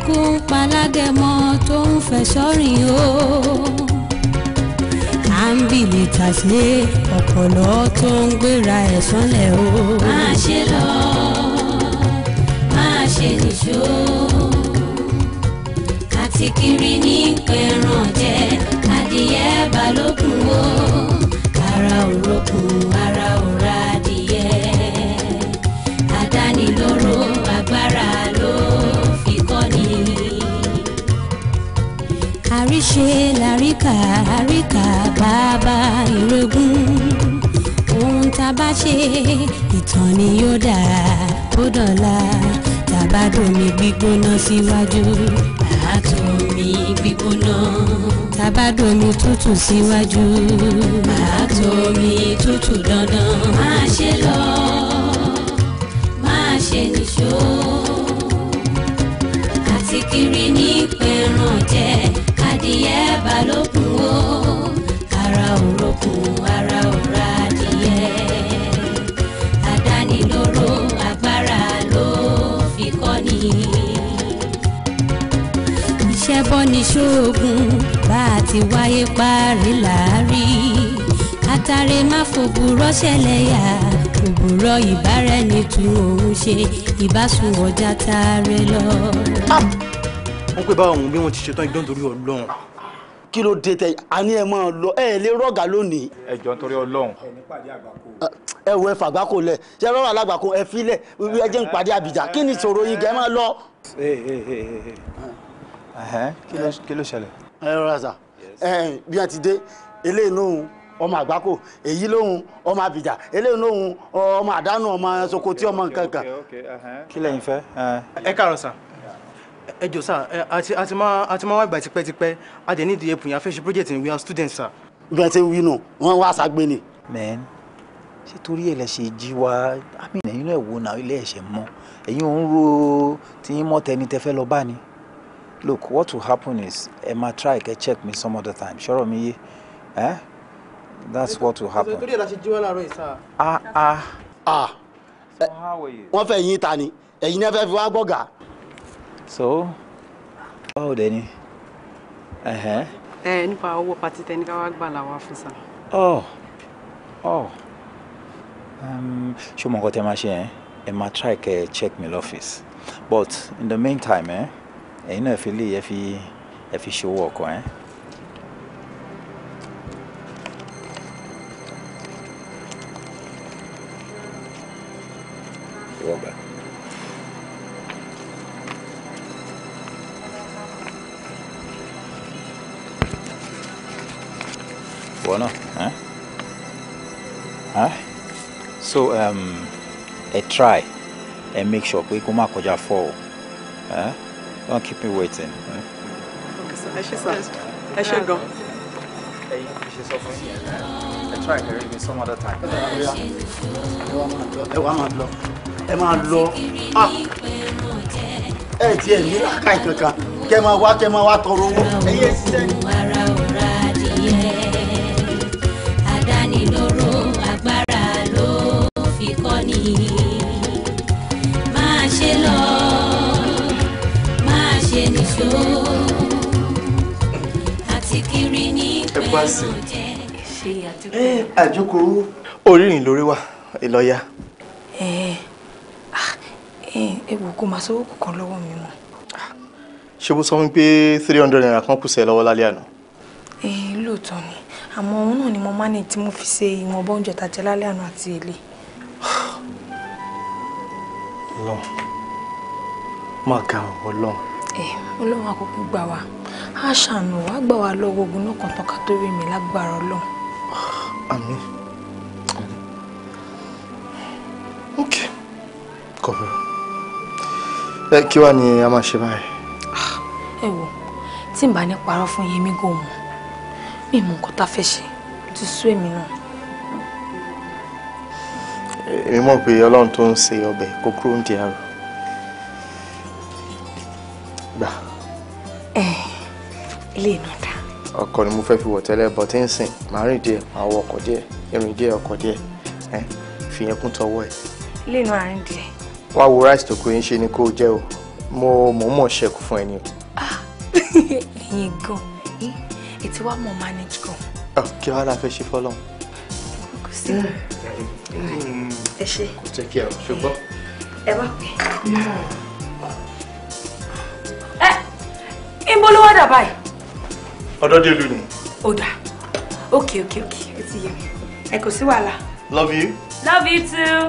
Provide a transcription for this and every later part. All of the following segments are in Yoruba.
ẹkún palágẹmọ tó ń fẹ́ sọ́rìn o áńbìlì tàṣe ọ̀pọ̀lọ́ tó ń gbéra ẹ̀ sọ́lẹ̀ o. máa ṣe lọ máa ṣe nìṣó kàtìkiri ní pẹ̀ràn jẹ adìyẹ balógun o kàrà òrokùn ara. ṣe làríkà àríkà bàbá ìrẹ́gùn ohun tá a bá ṣe ìtàn ni yóò dà ó dọ̀la tàbá domi gbígbóná síwájú àtòmí gbígbóná tàbá domi tútù síwájú àtòmí tútù dandan má ṣe lọ má ṣe nìṣó àti kiri ní pẹ̀ràn jẹ́ adìyẹ balógun o ara òrokùn ara òra adìyẹ àdánilóró agbára ló fi kọ́ ni. iṣẹ́ bọ́ ni ṣoògùn bá a ti wáyé parí láàrí àtàrẹ má fòbùrọ̀ ṣẹlẹ̀ yá òbúrọ̀ ìbára ẹni tún òun ṣe ìbásùn ọjà tààrẹ lọ. Ah! fún pé báwọn òun bí wọ́n ti ṣetán ìgbọ́n torí ọlọ́run. kí ló dé tẹ a ní ẹ máa lọ ẹ lè rọgà lónìí. ẹ jọ nítorí ọlọ́run. ẹ wo ẹ fàgbákò lẹ ṣe ẹ rọrùn alágbàkọ ẹ filẹ ẹ jẹ ń pàdé àbíjà kí ni ìṣòro yín gẹ máa lọ. kí ló ṣẹlẹ̀. ẹ rọra sà bí wọn ti dé eléyìí náà ọmọ àgbákò èyí lóhun ọmọ àbìjà eléyìí lóhun ọmọ àdánù ọmọ sokoti ọmọ nǹkan kan. Uh-huh. kí lẹ̀yin fẹ́. ẹ kàrọ̀ sà ẹ jọ sá a ti máa wá ìgbà tipẹ́tipẹ́ a dẹ̀ nídìí ẹ̀pùn yẹn afẹ́ṣe project we are students sá. bí wọ́n ti wí nù wọ́n wá ságbé ni. mẹ́n ṣé torí ẹ̀ lẹ ṣe jí wa àmì ẹ̀yin náà wò náà ilé ẹ̀ṣẹ̀ mọ́ ẹ̀yin ò ń ro tí yín mọ́ tẹni tẹ fẹ́ lọ bá ni. look what will happen is ẹ máa try kẹ́ check me some other time ṣọ́rọ̀ mi yé ẹ́ that's what will happen. torí ẹ̀ la ṣe jí wa láàárọ̀ yìí sá. ah ah. ah wọ́n fẹ́ yín ta ni ẹ̀yin náà fẹ́ fi wá gbọ́gà so báwo dẹ ni. ẹ nípa owó pati tẹni ká wá gbà làwọn fún sa. ọ ọ ṣé mo nǹkan tẹ máa ṣe yẹn ẹ máa try kẹ check me l'office but in the meantime eh, ẹyin náà fi lè ẹ fi ẹ fi ṣòwò ọkọ ẹ. Eh? so um, a try and make sure pé kó má kọjá four o don't keep me waiting. Eh? ẹ ṣe I should ṣe gan. ẹyin ṣe sọ fún yín ẹ try carry me some other time. ẹ wá máa lọ ẹ máa lọ ah, tiẹ̀ dear, àkàì kankan kẹ máa wá kẹ máa wá tọrọ owó ẹ̀yẹ ṣiṣẹ́. wá sí. ẹ àjókòó. orírin lórí wa ìlọ́yà. Ah, ẹ ẹ wò kó máa sọ́wọ́ kankan lọ́wọ́ mi mọ́. ṣé mo sọ fún pé three hundred naira kan kù sí ẹ lọ́wọ́ lálẹ́ àná. ẹ lóòótọ́ ni àmọ́ òun náà ni mo manage tí mo fi ṣe ìwọ̀nba oúnjẹ tàjẹ́ lálẹ́ àná àti èlé. ọlọ́run máa ga ọ̀rọ̀ ẹ ọlọ́run àkókò gbà wá á ṣàánú wá gbà wá lọ́wọ́ ogun náà kan tọ́ka tó rí mi lágbára ọlọ́run. àmín ok kò bẹ̀rù ẹ kí wàá ni a máa ṣe báyìí. Ah, ẹ wo tí n bá ní parọ́ fún yín mi gòmù mi mú nǹkan tá a fẹ́ ṣe ti sú èmi náà. èmi mọ̀ pé ọlọ́run tó ń ṣe ọbẹ̀ kó kúrò ń di àrò. gbà. ẹ̀ ilé iná dá. ọkọ ni mo fẹ́ fi wọ̀ tẹ́lẹ̀ bọ̀ tí ń sìn màá rìn díẹ̀ màá wọ ọkọ̀ díẹ̀ ìrìn díẹ̀ ọkọ̀ díẹ̀ fi yẹn kún tọwọ́ ẹ̀. ilé iná àárín díẹ̀. wá wo rice tó kúrin ṣe ni kó o jẹ o mo mọ̀ọ́mọ̀ ṣẹ́kù fún ẹ ni o. Ah, ẹ̀yin gan ètí wàá mọ̀ manage gan. Ah, kí wàá la fẹ́ ṣe fọlọ́n. kò sí mm. ẹ ṣe. kò tẹ́ kí ẹ ṣùgbọ́n. ẹ bá pè é. ẹ ń bọ́ ló wá dà ọ̀dọ́dẹ́lu ni. ó dà ok ok ok ó ti yẹ ẹ kò sí wàhálà. love you. love you too.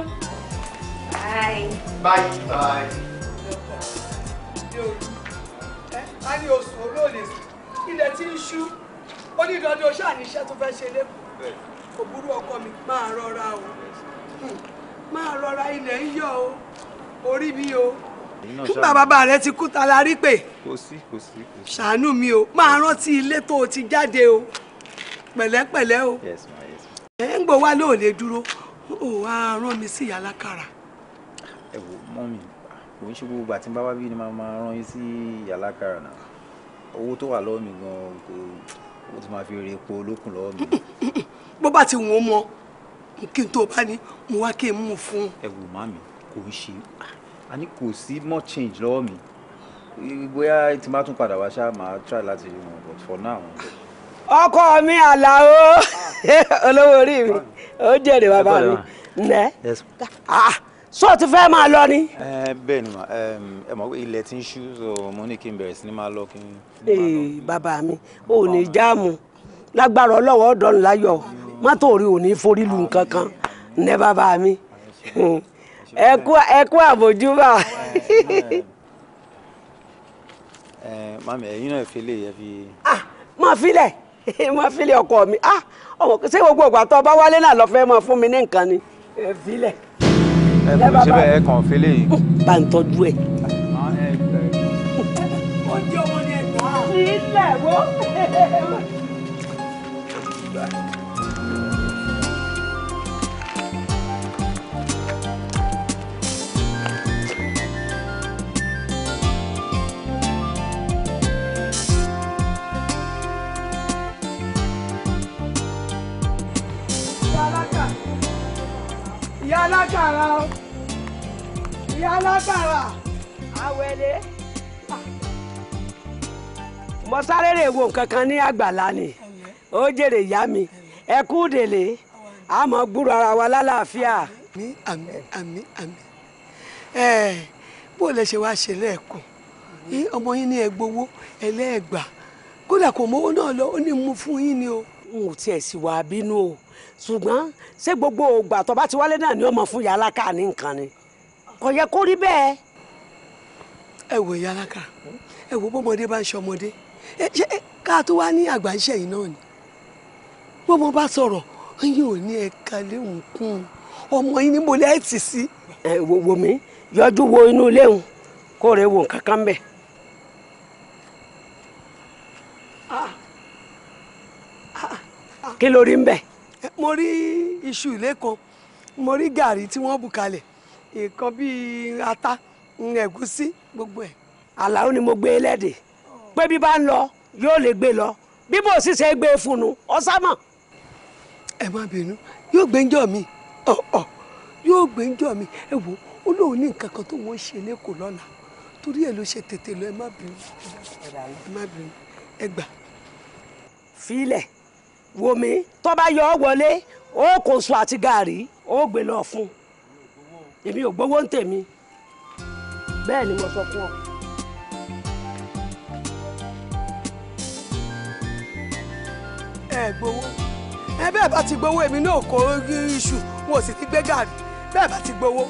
bye. bye bye. a ní oṣù olóòlè ilẹ̀ tí ń ṣú ó ní ìdánwò ṣáà ní iṣẹ́ tó fẹ́ ṣe lẹ́kọ̀ọ́ kò burú ọkọ mi máa rọra o hmm. máa rọra ilẹ̀ ń yọ o orí mi o kí bàbá rẹ ti kú ta la rí pé ṣàánú mi o máa rántí ilé tó o ti jáde o pẹ̀lẹ́pẹ̀lẹ́ o ẹ̀ ń gbọ́ wá lóò lè dúró o wá rán mi sí ìyá lákàrà. ẹ wo mọ mi kò ń ṣe gbogbo ìgbà tí n bá wá bí ni màá máa rán yín sí ìyá lákàrà náà owó tó wà lọ́wọ́ mi gan-an kò o ti máa fi rè epo olókùn lọ́wọ́ mi. bó bá ti wọ́n mọ kí n tó bá ní mo wá kí n mú un fún. ẹ wo màmí kò ń ṣe a ní kò sí more change lọ́wọ́ mi bóyá tí má tún padà wá ṣá máa try láti rí wọn but for now. ọkọ mi àlàó olówó orí mi ó jèrè bàbá mi nẹ so ah, ti fẹ́ máa lọ ni. bẹ́ẹ̀ ni ma ẹ mọ̀ pé ilẹ̀ ti ń ṣú so mo ní kí n bẹ̀rẹ̀ sí ni máa lọ kí n. ee eh, bàbá mi ò ní jáàmù lágbára ọlọ́wọ́ ọ̀dọ́nù mọ́tò orí ò ní forí lu nǹkan kan ní bàbá mi. ẹ kú àbójúbà. mami ẹ̀yin náà fi lè yẹ fi. Ah, mọ filẹ mọ filẹ ọkọ mi ah, ṣé gbogbo ìgbà tó bá wálé náà lọ fẹ́ mọ fún mi ní nǹkan ni filẹ. ẹ kò síbẹ̀ ẹ kàn fi lè. bá ń tọ́jú ẹ. oúnjẹ ah, ọmọ ni ẹ̀gbọ́n. sílẹ̀ wo. alákàrà o ìyá alákàrà àwẹ̀lé. mo sáré rè wo nǹkan kan ní àgbàlá ni ó jèrè ìyá mi ẹ kú délé àmọ́ gbúrò ara wa lálàáfíà. àmín àmín àmín àmín ẹ bó lẹ ṣe wá ṣe lẹ́ẹ̀kan ọmọ yín ní ẹgbowó ẹlẹ́ẹ̀gbà kódà kò mówó náà lọ ó ní mú fún yín ni o. n ò tiẹ̀ sì wá bínú o ṣùgbọ́n ṣé gbogbo ògbà tó bá ti wálé náà ni ó mọ̀ fún yàlákà ní nǹkan ni kò yẹ kó rí bẹ́ẹ̀. ẹ wò yàlákà ẹ wò bọ́mọdé bá ń ṣọmọdé ṣé ká tó wá ní àgbà iṣẹ́ yìí náà ni bọ́mọ bá sọ̀rọ̀ yín ò ní ẹ̀ka léhùn kún ọmọ yín ní mo lẹ́ tì sí. ẹ wò wò mí yọjú wo inú léhùn kó rẹ wò nǹkan kan ah, ah, ah, kí ló rí ń mo rí iṣu ilé kan mo rí gàrí tí wọ́n bù kalẹ̀ nǹkan bíi ata ẹ̀gúsí gbogbo ẹ̀. àlàó ni mo gbé e lẹ́dẹ̀ pé bí bá ń lọ yóò lè gbé e lọ bí bó sì ṣe gbé e funu ọ̀sámọ̀. ẹ má bínú yóò gbẹ́njọ́ mi ọ̀ọ̀ yóò gbẹ́njọ́ mi ẹ wò ó lóun ní nǹkan kan tó wọ́n ṣe lẹ́kọ̀ọ́ lọ́la torí ẹ̀ ló ṣe tètè lọ ẹ má bínú ẹ gbà. fílẹ̀ wò mí tó bá yọ ọ wọlé ó kò sùn àti gàárì ó gbé lọ fún èmi ò gbowó ń tèmi bẹ́ẹ̀ ni mo sọ fún ọ. ẹ gbowó ẹ bẹ́ẹ̀ bá ti gbowó èmi náà kó iṣu wọn ò sì ti gbé gàárì bẹ́ẹ̀ bá ti gbowó.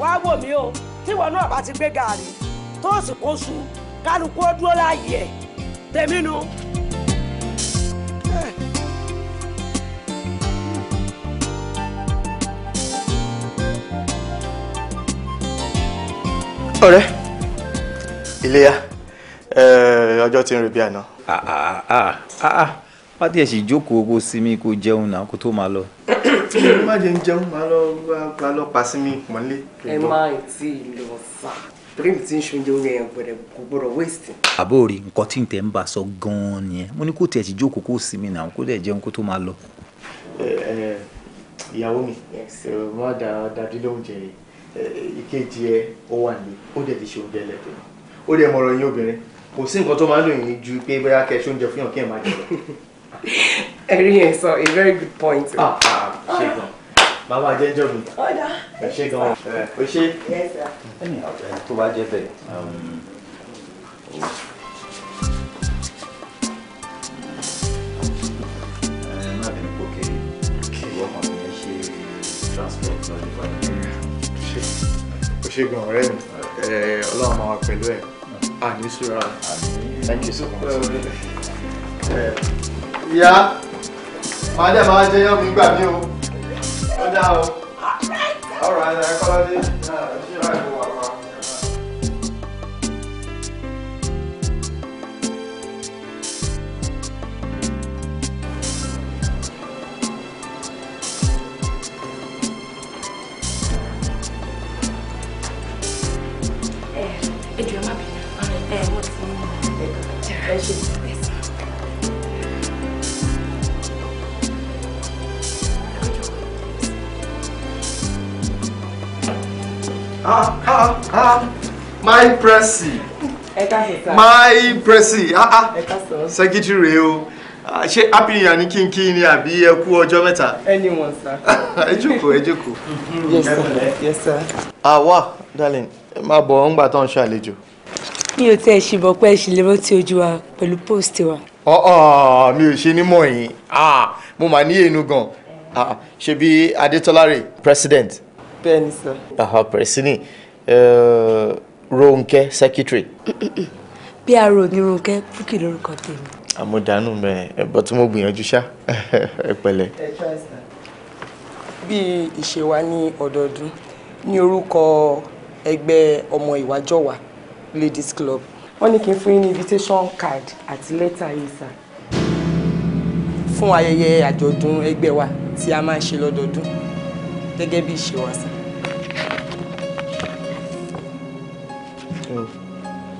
wá wò mí o tíwọ náà bá ti gbé gàárì tó sì kó sùn kálukú ó dúró láàyè ẹ tèmi nu. No. ọ̀rẹ́ iléyà eh, ọjọ́ ti ń re bí àná. wá ah, ah, ah, díẹ̀ sì jókòó kó sinmi kó jẹun náà kó tó máa lọ. má jẹun jẹun máa lọ bá lọ pa pọ́nlé. ẹ ti lọ sá pírẹ́mì tí ń ṣoúnjẹ orí ẹ̀yàn gbọ́dọ̀ kò gbọ́dọ̀ àbó rí nǹkan tí n tẹ̀ ń bá sọ gan-an nìyẹn mo ní kó tiẹ̀ sì jókòó kó sinmi náà kó jẹun kó tó máa lọ. Eh, eh, ìyàwó mi má Eh, ìkejì ẹ ó wà ní ó dẹ̀ ti ṣe oúnjẹ lẹ́tọ̀ọ́ ó dẹ̀ mọ̀rọ̀ yín obìnrin kò sí nǹkan tó máa ń dùn yín ju pé bóyá kẹ ṣe oúnjẹ fún kí ẹ máa jẹ lọ. ẹ̀rí yẹn sọ a very good point. Ah, ah, ṣé gan bàbá jẹ́jọ́ mi ṣé gan eh, o ṣe. tó bá jẹ́ bẹ́ẹ̀ um, transfer lọ́dún ṣe gan ọ̀rẹ́ mi ọlọ́run máa wà pẹ̀lú ẹ̀ àní sùúrà thank you so much. ìyá màá dẹ̀ máa jẹ́ yán mi gbà mí o ó dá o ọ̀rọ̀ àyà kọ́lá dé ṣíra ìwà wa. Ah, ah, ah. My presi. My presi. Ah, ah. Secretary You o ah, ṣé apiriyan ní kínkí ni àbí ẹ kú ọjọ́ mẹ́ta. anyone sir. ẹ jókòó ẹ jókòó. yes sir. yes sir. ah wa darling má bọ̀ ọ́ ń gbà tó ń ṣàlejò. mi ò tẹ́ ẹ ṣìbọ̀ pé ẹ ṣì lè rántí ojú wa pẹ̀lú post wa. ọ̀ọ́ mi ò ṣe ní mọ̀ yín mo mà ní èénú gan ṣe bí adétọ́lárè president. bẹ́ẹ̀ni sọ. pẹ̀sìnì Rónkẹ́ secretary. bí aró ní Rónkẹ́ Búkì lórúkọ tèmi. àmọ̀dánù mẹ́ ẹ̀bọ tí mo gbìyànjú ṣá ẹ pẹ̀lẹ́. bí ìṣe wa ní ọdọọdún ní orúkọ ẹgbẹ́ ọmọ ìwájọ́wà ladies club. wọ́n ní kí n fún yín ní invitation card àti lẹ́tà yìí sà. fún ayẹyẹ àjọ̀dún ẹgbẹ́ wa tí a máa ń ṣe lọ́dọọdún gẹ́gẹ́ bí ìṣe wa sà.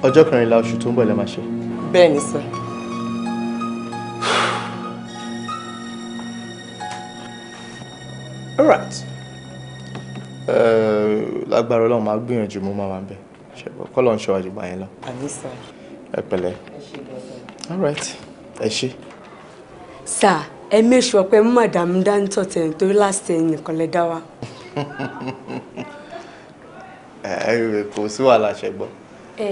ọjọ́ kẹrìnlá oṣù tó ń bọ̀ lẹ́ máa ṣe. bẹ́ẹ̀ ni sà. all right. Eh, lágbára ọlọ́run máa gbìyànjú mo máa wà ń bẹ̀ kọ́lọ̀ ń ṣọ́ àjùgbà yẹn lọ. àmì sà. ẹ pẹ̀lẹ́ all right ẹ ṣe. sà ẹ méṣù ọpẹ mú màdàmú dáńtọ̀ tẹ̀ nítorí last ten nìkan lẹ dá wa. kò sí wàhálà ṣẹgbọ́n. ẹ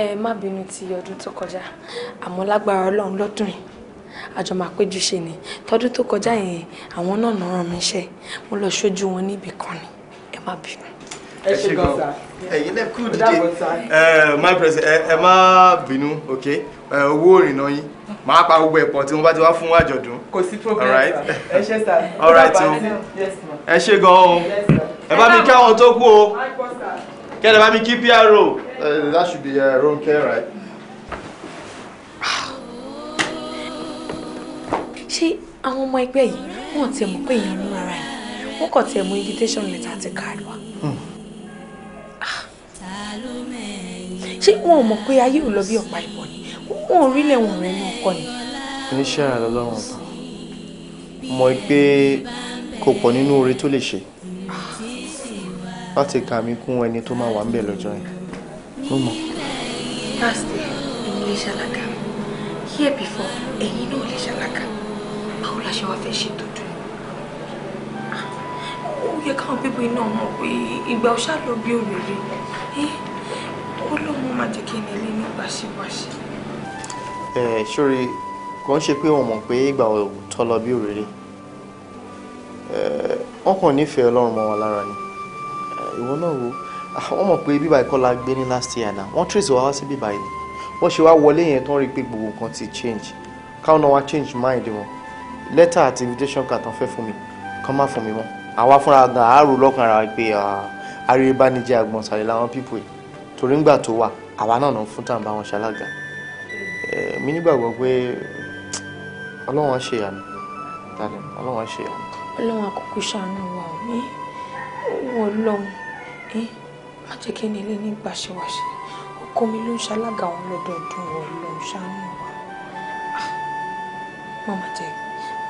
ẹ má bínú ti ọdún tó kọjá àmọ́ lágbára ọlọ́run lọ́dún yìí àjọ máa péjú ṣe ni tọdún tó kọjá yẹn àwọn náà náà ràn mí iṣẹ́ mo lọ ṣojú wọn níbì kan ni má bínú. ẹ ṣe gan sa ẹyin lẹ kú dídé my president ẹ má bínú ok owó ìrìnnà yín máa pa gbogbo ẹ̀pọ̀ tí wọ́n bá ti wá fún àjọ̀dún. kò sí problem ẹ ṣe sá all right o ẹ ṣe gan o ẹ bá mi kí àwọn tó kú o kí ẹ bá mi kí PRO that should be uh, eh, care, right. ṣé àwọn ọmọ ẹgbẹ́ yìí wọ́n ti mọ̀ pé èèyàn ń rárá yìí wọ́n kàn tiẹ̀ mú invitation letter ti kàrí wa. ṣé wọn ò mọ̀ pé ayé ò lọ bí ọ̀pá ìbọn ni wọn ò rí lẹ́wọ̀n rẹ̀ ní ọkọ ni. oníṣẹ́ àlọ́ lọ́rùn ọ̀tàn mọ̀ pé kò pọ̀ nínú oore tó lè ṣe láti kà mí kún ẹni tó máa wà ń bẹ̀ lọ́jọ́ yẹn mo ẹ̀yin lè ṣàlàkà here before ẹ̀yin náà lè ṣàlàkà báwo la ṣe wá fẹ́ ṣètò dùn ó yẹ káwọn pípọ̀ iná mọ̀ pé ìgbà ọ̀ṣà lọ bí òrèrè ó lóun máa jẹ́ kí n lè ní wáṣíwáṣí. ẹ ṣórí kò ń ṣe pé wọn mọ̀ pé ìgbà ọ̀tọ̀ lọ bí òrèrè wọn kàn nífẹ̀ẹ́ ọlọ́run mọ́ wọn lára ni ìwọ náà wo ah, wọ́n mọ̀ pé bíbá ikọ́ la gbé ní last year náà wọ́n trace wá wá sí bíbá yìí wọ́n ṣe wá wọlé yẹn tó ń rí pé gbogbo nǹkan ti change káwọn náà wá change mind wọn lẹ́tà àti invitation card tán fẹ́ fún mi kàn má fún mi mọ́ àwa fúnra gan àárò lọ́kàn ara pé arébánijẹ́ àgbọ̀nsàlẹ̀ làwọn pípò yìí torí ńgbà tó wà àwa náà náà fún tàǹbà wọn ṣalága mi nígbàgbọ́ pé ọlọ́wọ́n ṣe àná tani ọlọ́wọ́n ṣe àná. ọlọ́wọ́n àkókò ṣàánú wa ò ní owó ọlọ́run ẹ má jẹ́ kí ẹni ilé ní gbàṣẹwàṣẹ ọkọ mi ló ń ṣalága òun lọ́dọọdún wọn ọlọ́run ṣàánú wa ah, má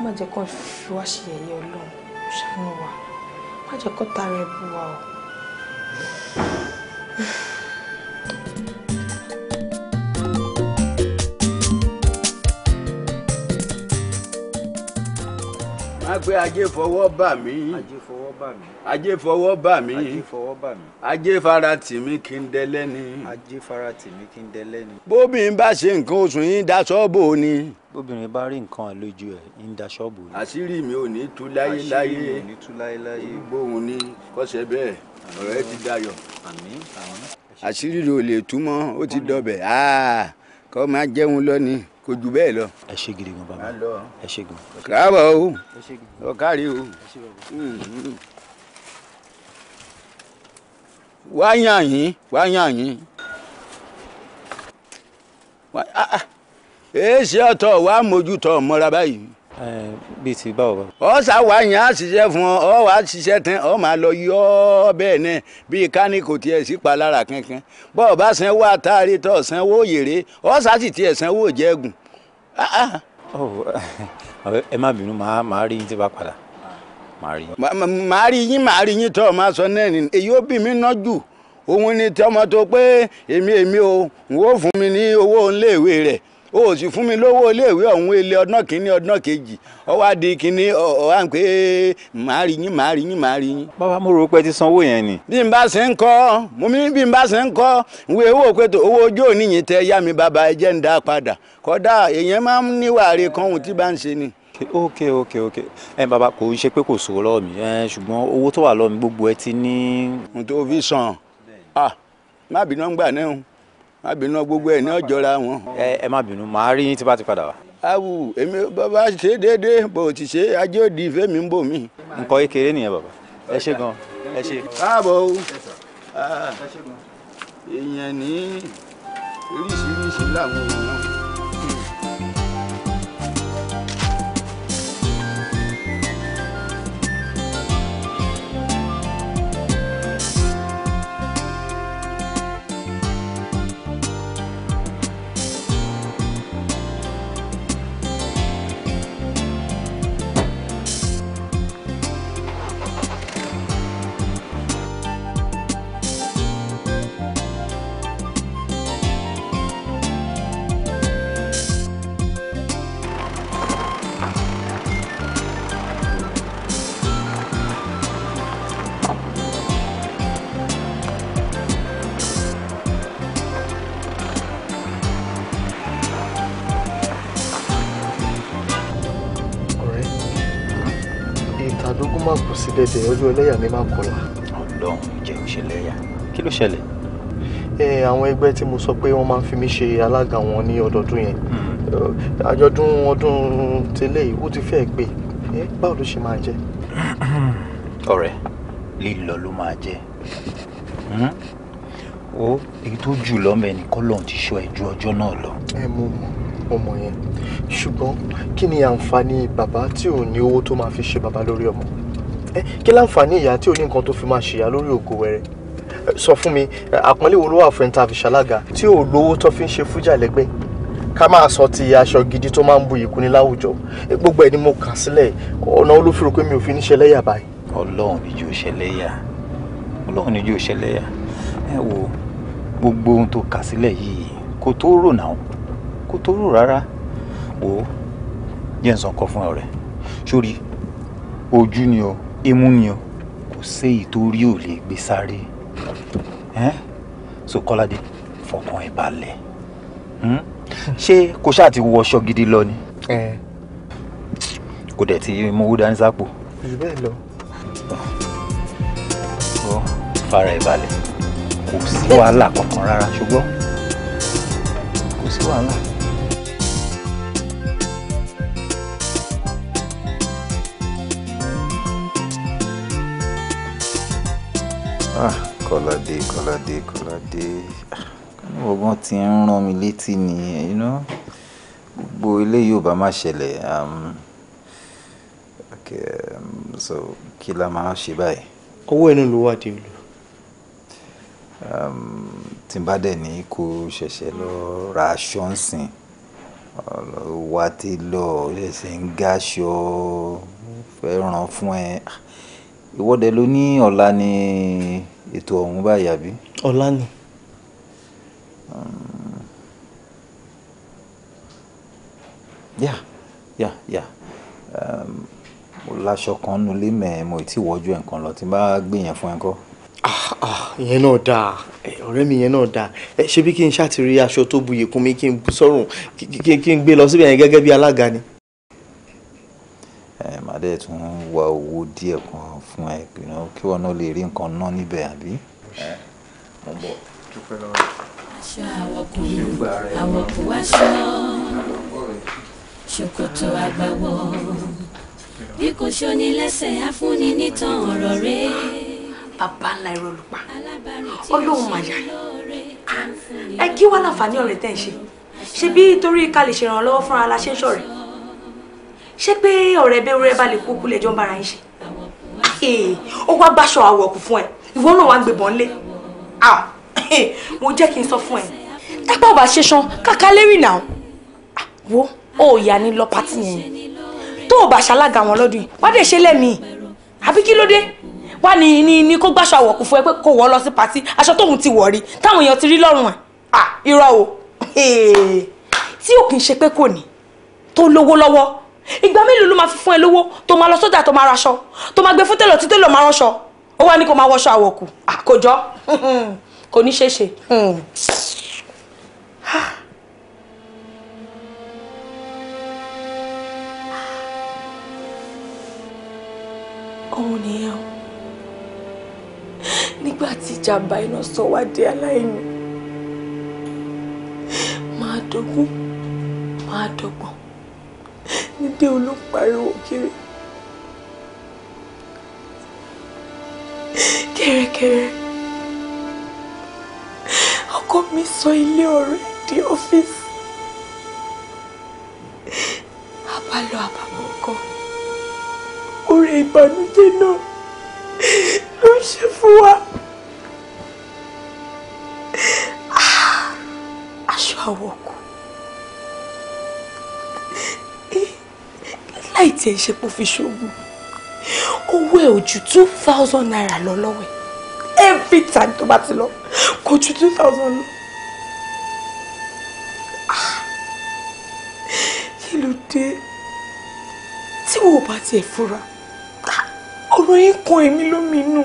má jẹ́ kó fi wá ṣe ẹ̀yẹ ọlọ́run. ṣàánú wa má jẹ́ kó tara ẹ bú wa o. má pé ajé fọwọ́ bà mí. ajé fọwọ́ bà mí. ajé fọwọ́ bà mí. ajé fọwọ́ bà mí. ajé fara tìmí kí n dẹlẹ́ni. ajé fara tìmí kí n dẹlẹ́ni. bóbìnrin bá ṣe nǹkan oṣù yín dá ṣọ́ọ̀bù ni. bóbìnrin bá rí nǹkan àlejò ẹ̀ ń da ṣọ́ọ̀bù ni. àṣírí mi ò ní tú láyéláyé. àṣírí gbóhùn ni kọ́sẹ̀ bẹ́ẹ̀ ọ̀rẹ́ ti dayọ̀. àṣírí rẹ̀ ò lè túmọ̀ ó ti dọbẹ̀ kọ́ máa jẹun lọ́ni kò jù bẹ́ẹ̀ lọ. ẹ ṣe gidi gan bàbá ẹ ṣe gan. káàbọ̀ o ọ̀kárí o hmm, hmm. wá yàn yín wá yàn yín èé ah, ah. ṣe ọ̀tọ̀ wàá mójútó ọmọra báyìí. Eh, bíi ti báwo bá. ọ ṣàwà yẹn á ṣiṣẹ́ fún ọ ọ wàá ṣiṣẹ́ tán ọ máa lọ yọ ọ bẹ́ẹ̀ náà bíi kání kò tiẹ̀ sí palára kankan bọ́ ọ bá sanwó àtàrí tó sanwó òyèrè ọ ṣáàṣì tiẹ̀ sanwó òjẹ́gùn. Ah, ah. ẹ má bínú màá rí yín tí bá padà màá rí yín. màá rí yín màá rí yín tó ọ máa sọ náà ni èyí ó bí mi ná jù òun ni tí ọmọ tó pé èmi èmi o n ó fún mi ní owó iléèwé rẹ̀ o ò sì fún mi lówó iléèwé ọ̀hún ilé ọdún kìíní ọdún kejì ọ wá di kìíní ọ à ń pè é màá rí yín màá rí yín màá rí yín. bàbá mo rò pé ti sanwó yẹn ni. bí n bá ṣe ń kọ́ mo mi bí n bá ṣe ń kọ́ wo owó pẹ̀tọ̀ owó ojú òní yìí tẹ yá mi bàbá ẹ ń dá padà kódà èèyàn máa ń níwà rẹ̀ kan ohun tí bá ń ṣe ni ok ok ok ẹ bàbá kò ń ṣe pé kò sówó lọ́wọ́ mi ṣùgbọ́n owó tó wà lọ́wọ́ mi gbogbo ẹ ti ní. n tó fi ah má bínú ń má bínú gbogbo ẹ̀ ní ọ̀jọ́ra wọn. ẹ ẹ má bínú màá rí yín tí bá ti padà wá. awu èmi bàbá ṣe déédéé bò ti ṣe ajé òdì fẹ́mi ń bò mí. nǹkan kékeré nìyẹn bàbá ẹ ṣe gan ẹ ṣe. káàbọ̀ o ah, èèyàn ní oríṣiríṣi làwọn èèyàn jẹ ojú ẹlẹ́yà mi máa kọlà. Ọlọ́run jẹ́ òṣèlẹ́yà kí ló ṣẹlẹ̀. àwọn ẹgbẹ́ tí mo sọ pé wọ́n máa ń fi mí ṣe alága wọn ní ọdọọdún yẹn hmm. àjọ̀dún ọdún tẹ́lẹ̀ ó ti fẹ́ẹ̀ pé báwo ló ṣe máa jẹ. ọ̀rẹ́ lílọ ló máa jẹ ó hmm? èyí tó jù lọ́mọ ẹni kọ́lọ́n ti ṣọ́ ẹ̀jú ọjọ́ náà lọ. ẹ mú mọ ọmọ yẹn ṣùgbọ́n kí ni àǹfààní bàbá tí ò ní owó tó máa fi ṣe bàbá lórí ọmọ. Eh, kí láǹfààní ìyá tí ò ní nǹkan tó fi máa ṣèyà lórí ògo wẹrẹ eh, sọ fún mi eh, àpọ́nlé wo ló wà fún ẹ̀ńtà àfiṣalága tí ò lówó tó fi ń ṣe fújà lẹ́gbẹ́ ká máa sọ ti aṣọ gidi tó máa ń bu ìkún ní láwùjọ gbogbo ẹ̀ ni mo kà sílẹ̀ ọ̀nà olófinró pé mi ò fi ní ṣẹlẹ́yà báyìí. ọlọ́run ni yóò ṣẹlẹ́yà ọlọ́run ni yóò ṣẹlẹ́yà ẹ wo gbogbo ohun tó kà sílẹ̀ yìí kò tó rò náà kò tó rò rárá wo jẹ́ nsọ̀kan fún ọ̀rẹ́ sórí ojú ni o imú ni o kò séyìí tó ò lè gbé sáré so Kọ́ládé fọkàn ẹ̀ balẹ̀ hmm? ṣé kò ṣáà ti wọṣọ gidi lọ ni kò dẹ̀ ti mú owó dání sápò. jù bẹ́ẹ̀ lọ. fara ẹ̀ balẹ̀ kò sí wàhálà kankan rárá ṣùgbọ́n kò sí wàhálà. Ah, Kọ́ládé, Kọ́ládé, Kọ́ládé. Kọ́ni bọ̀bọ́n ti ń rán mi létí ni, you know. Gbogbo eléyìí ò bá má ṣẹlẹ̀. Um, okay, um, so kí la máa ṣe báyìí? Owó ẹnu ló wà dé olú. Um, tí n bá dẹ̀ ní kó ṣẹ̀ṣẹ̀ lọ ra aṣọ ń sìn, wá tí lọ ṣẹ̀ṣẹ̀ ń gáṣọ fẹ́ ràn fún ẹ ìwọ́de ló ní ọ̀la ni ètò ọ̀hún báyìí àbí. ọ̀la ni. yà yà yà mo láṣọ kan nu lé mẹ́ mo ti wọ́jú ẹ̀ nǹkan lọ tí n bá gbìyàn fún ẹ kọ́. Ah, ah, ìyẹn náà dáa ọ̀rẹ́ mi yẹn náà dáa ṣé bí kí n ṣàtìrí aṣọ tó buyì kún mi kí n bu kí n gbé lọ síbẹ̀ yẹn gẹ́gẹ́ bí alága ni. màdé tún owó díẹ̀ kan fún ẹ kí wọn náà lè rí nǹkan ná níbẹ̀ àbí. mo ń bọ̀ dúpẹ́ lọ́wọ́. aṣọ àwọ̀kù àwọ̀kù aṣọ ṣòkòtò àgbàwọ̀ bí kò ṣoni lẹ́sẹ̀ afúnni nítàn ọ̀rọ̀ rẹ̀. bàbá ńlá irọ́ ló pa màyà ẹ kí wàá láǹfààní ọ̀rẹ́ tẹ́ ń ṣe ṣe bí torí ká lè ṣèrànlọ́wọ́ fúnra la ṣe ń ṣọ̀rẹ́ ṣé pé ọ̀rẹ́ bẹ́ẹ̀ rẹ́ bá lè kú kú lẹ́jọ́ ń bára yín ṣe ó wá báṣọ àwọ̀kù fún ẹ ìwọ náà wá ń gbébọn lé ah, mo jẹ́ kí n sọ fún ẹ. tápá ọba ṣe san kàkà lérí náà ah, wo ó yà ni lọ pátì yẹn tó o bá ṣalága wọn lọ́dún yìí wá dé ṣe lẹ́mìí àbí kí ló dé wá ní ní ní kó gbàṣọ àwọ̀kù fún ẹ pé kò wọ́ lọ sí pátì aṣọ tóun ti wọ̀ rí táwọn èèyàn ti rí lọ́rùn ẹ̀ ah, irọ́ o tí ò kì í ṣe pé kò ní tó lówó lọ́wọ́ ìgbà mélòó ló máa fi fún ẹ lówó tó máa lọ sọ́jà tó máa raṣọ tó máa gbé fún télọ̀ tí télọ̀ máa ránṣọ ó wá ní kó máa wọṣọ àwọ̀kù àkójọ kò ní ṣeéṣe. òun hmm. nìyẹn o nígbà tí ìjàmbá iná sọ wá di aláìní máa dogun máa dọ́gbọ́n nídé olùpariwo kiri kẹ́rẹ́kẹ́rẹ́ ọkọ mi sọ ilé ọ̀rẹ́ di ọ́fíìsì abalọ àbàbọ̀ ọkọ orí ìbànújẹ́ náà ló ń ṣe fún wa. Ah! aṣọ àwọ̀kù láì tiẹ̀ ṣe kó fi ṣoògùn owó ẹ̀ ò ju two thousand naira lọ lọ́wọ́ ẹ̀ every time tó bá ti lọ kò ju two thousand lọ. Ah, kí ló dé tí wọn ò bá tiẹ̀ fura ọ̀rọ̀ yín kan èmi lóminú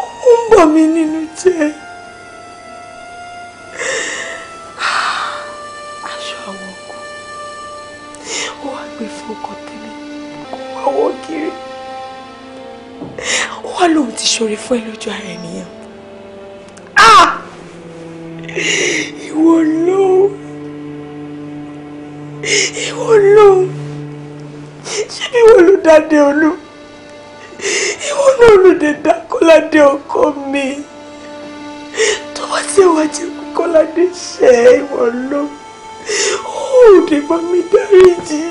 ó ń bà mí nínú jẹ́. ṣorí fún ẹ lójú ara ènìyàn ah! ìwọ ló ìwọ ló ṣebí ìwọ ló dáadé olú ìwọ náà ló dé dá kọ́ládé ọkọ mi tó wá sí ìwà jẹ́ kọ́ládé ṣe ìwọ ló òde bá mi dáríjì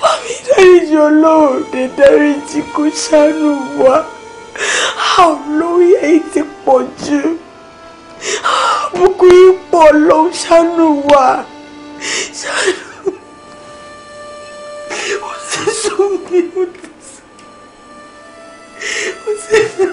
bá mi dáríjì ọlọ́ọ̀dẹ dáríjì kó ṣàánú wa olórí èyí ti pọ̀ jù bùkún yìí pọ̀ lọ ṣàánú wa ṣàánú ó sì sún mi ó sì sún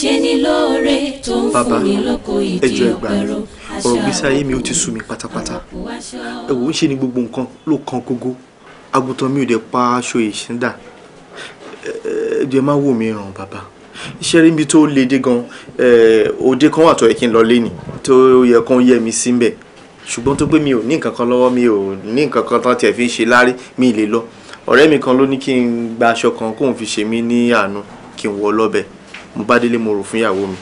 ṣe ní lóore tó ń fún mi lóko ìdí òpẹrọ ọ̀rọ̀ gbèsè ayé mi ó ti sú mi pátápátá ẹ̀wò ń ṣe ni gbogbo nǹkan ló kan gógó àgùntàn mi ò dẹ̀ pa aṣọ ìṣẹ̀dá ẹ̀ẹ́dẹ̀ má wò mí ràn bàbá iṣẹ́ rí mi tó le dé gan òde kan wà tó yẹ kí n lọ léni tó yẹ kó yẹ mi sí mbẹ̀ ṣùgbọ́n tó pé mi ò ní nǹkan kan lọ́wọ́ mi ò ní nǹkan kan tán tiẹ̀ fi ṣe lárí mi lè lọ ọ̀rẹ́ mi kan ló ní kí n gba aṣọ kan kóun fi ṣe mí ní àánú kí n wọ lọ́bẹ̀ẹ́ mo bá délé mo rò fún ìyàwó mi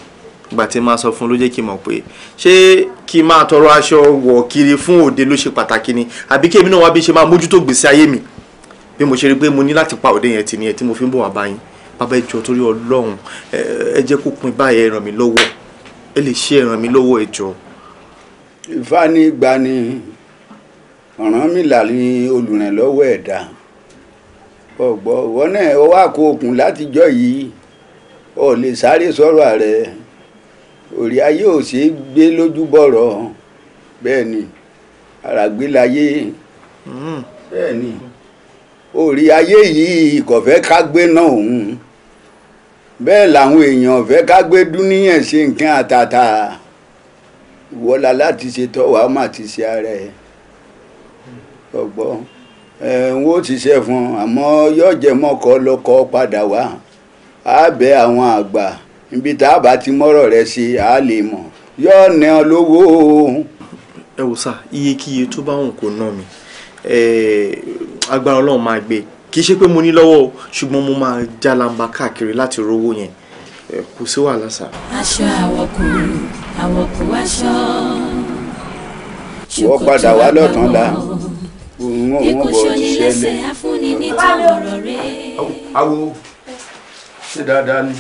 ìgbà tí máa sọ fún ló jẹ́ kí n mọ̀ pé ṣé kí ma máa tọrọ aṣọ wọ̀ kiri fún òde ló ṣe pàtàkì ni àbí kí èmi náà wá bí ṣe máa mójútó gbèsè ayé mi bí mo ṣe rí pé mo ní láti pa òde yẹn tì nìyẹn tí mo fi ń bọ̀ wá báyìí bàbá ẹ torí Ọlọ́run ẹ jẹ́ kó pin báyẹn ẹ ràn mí lọ́wọ́ ẹ lè ṣe ẹ ràn mí lọ́wọ́ ẹ jọ̀ọ́. ìfanigbani Ọ̀rànmìlà ni olùrànlọ́wọ́ ẹ̀dá ọ̀gbọ́ ìwọ náà wà kó okùn látijọ́ yìí ò lè sáré sọ̀rọ̀ ààrẹ òrì ayé ò ṣeé gbé lójú bọ̀rọ̀ bẹ́ẹ̀ ni àràgbé láyé hmm. bẹ́ẹ̀ ni òrì ayé yìí kò fẹ́ ká gbé náà òun bẹ́ẹ̀ làwọn èèyàn fẹ́ ká gbé dúníyàn ṣe nǹkan àtàtà wọ́lá láti ṣe tọ́wọ́ àmà ti ṣe ara ẹ̀ ọgbọ́n ẹ̀ ń wó ti ṣe fún un àmọ́ yọ̀ọ́ jẹ́ mọ́kọ́ lọ́kọ́ padà wá á bẹ àwọn àgbà ibi tá a bá ti mọ́rọ̀ rẹ ṣe á lè mọ̀ yóò ná ọ lówó. ẹ wò sá iyekíye tó bá wọn kò ná mi agbára ọlọ́run máa gbé kì í ṣe pé mo ní lọ́wọ́ ṣùgbọ́n mo máa jálàmbá káàkiri láti rówó yẹn kò sí wàhálà sá. aṣọ àwọ̀kù àwọ̀kù aṣọ. wọ́n padà wá lọ́tàn la òun ò wọ́n bọ̀ ṣẹlẹ̀. awo awo ṣe dáadáa ni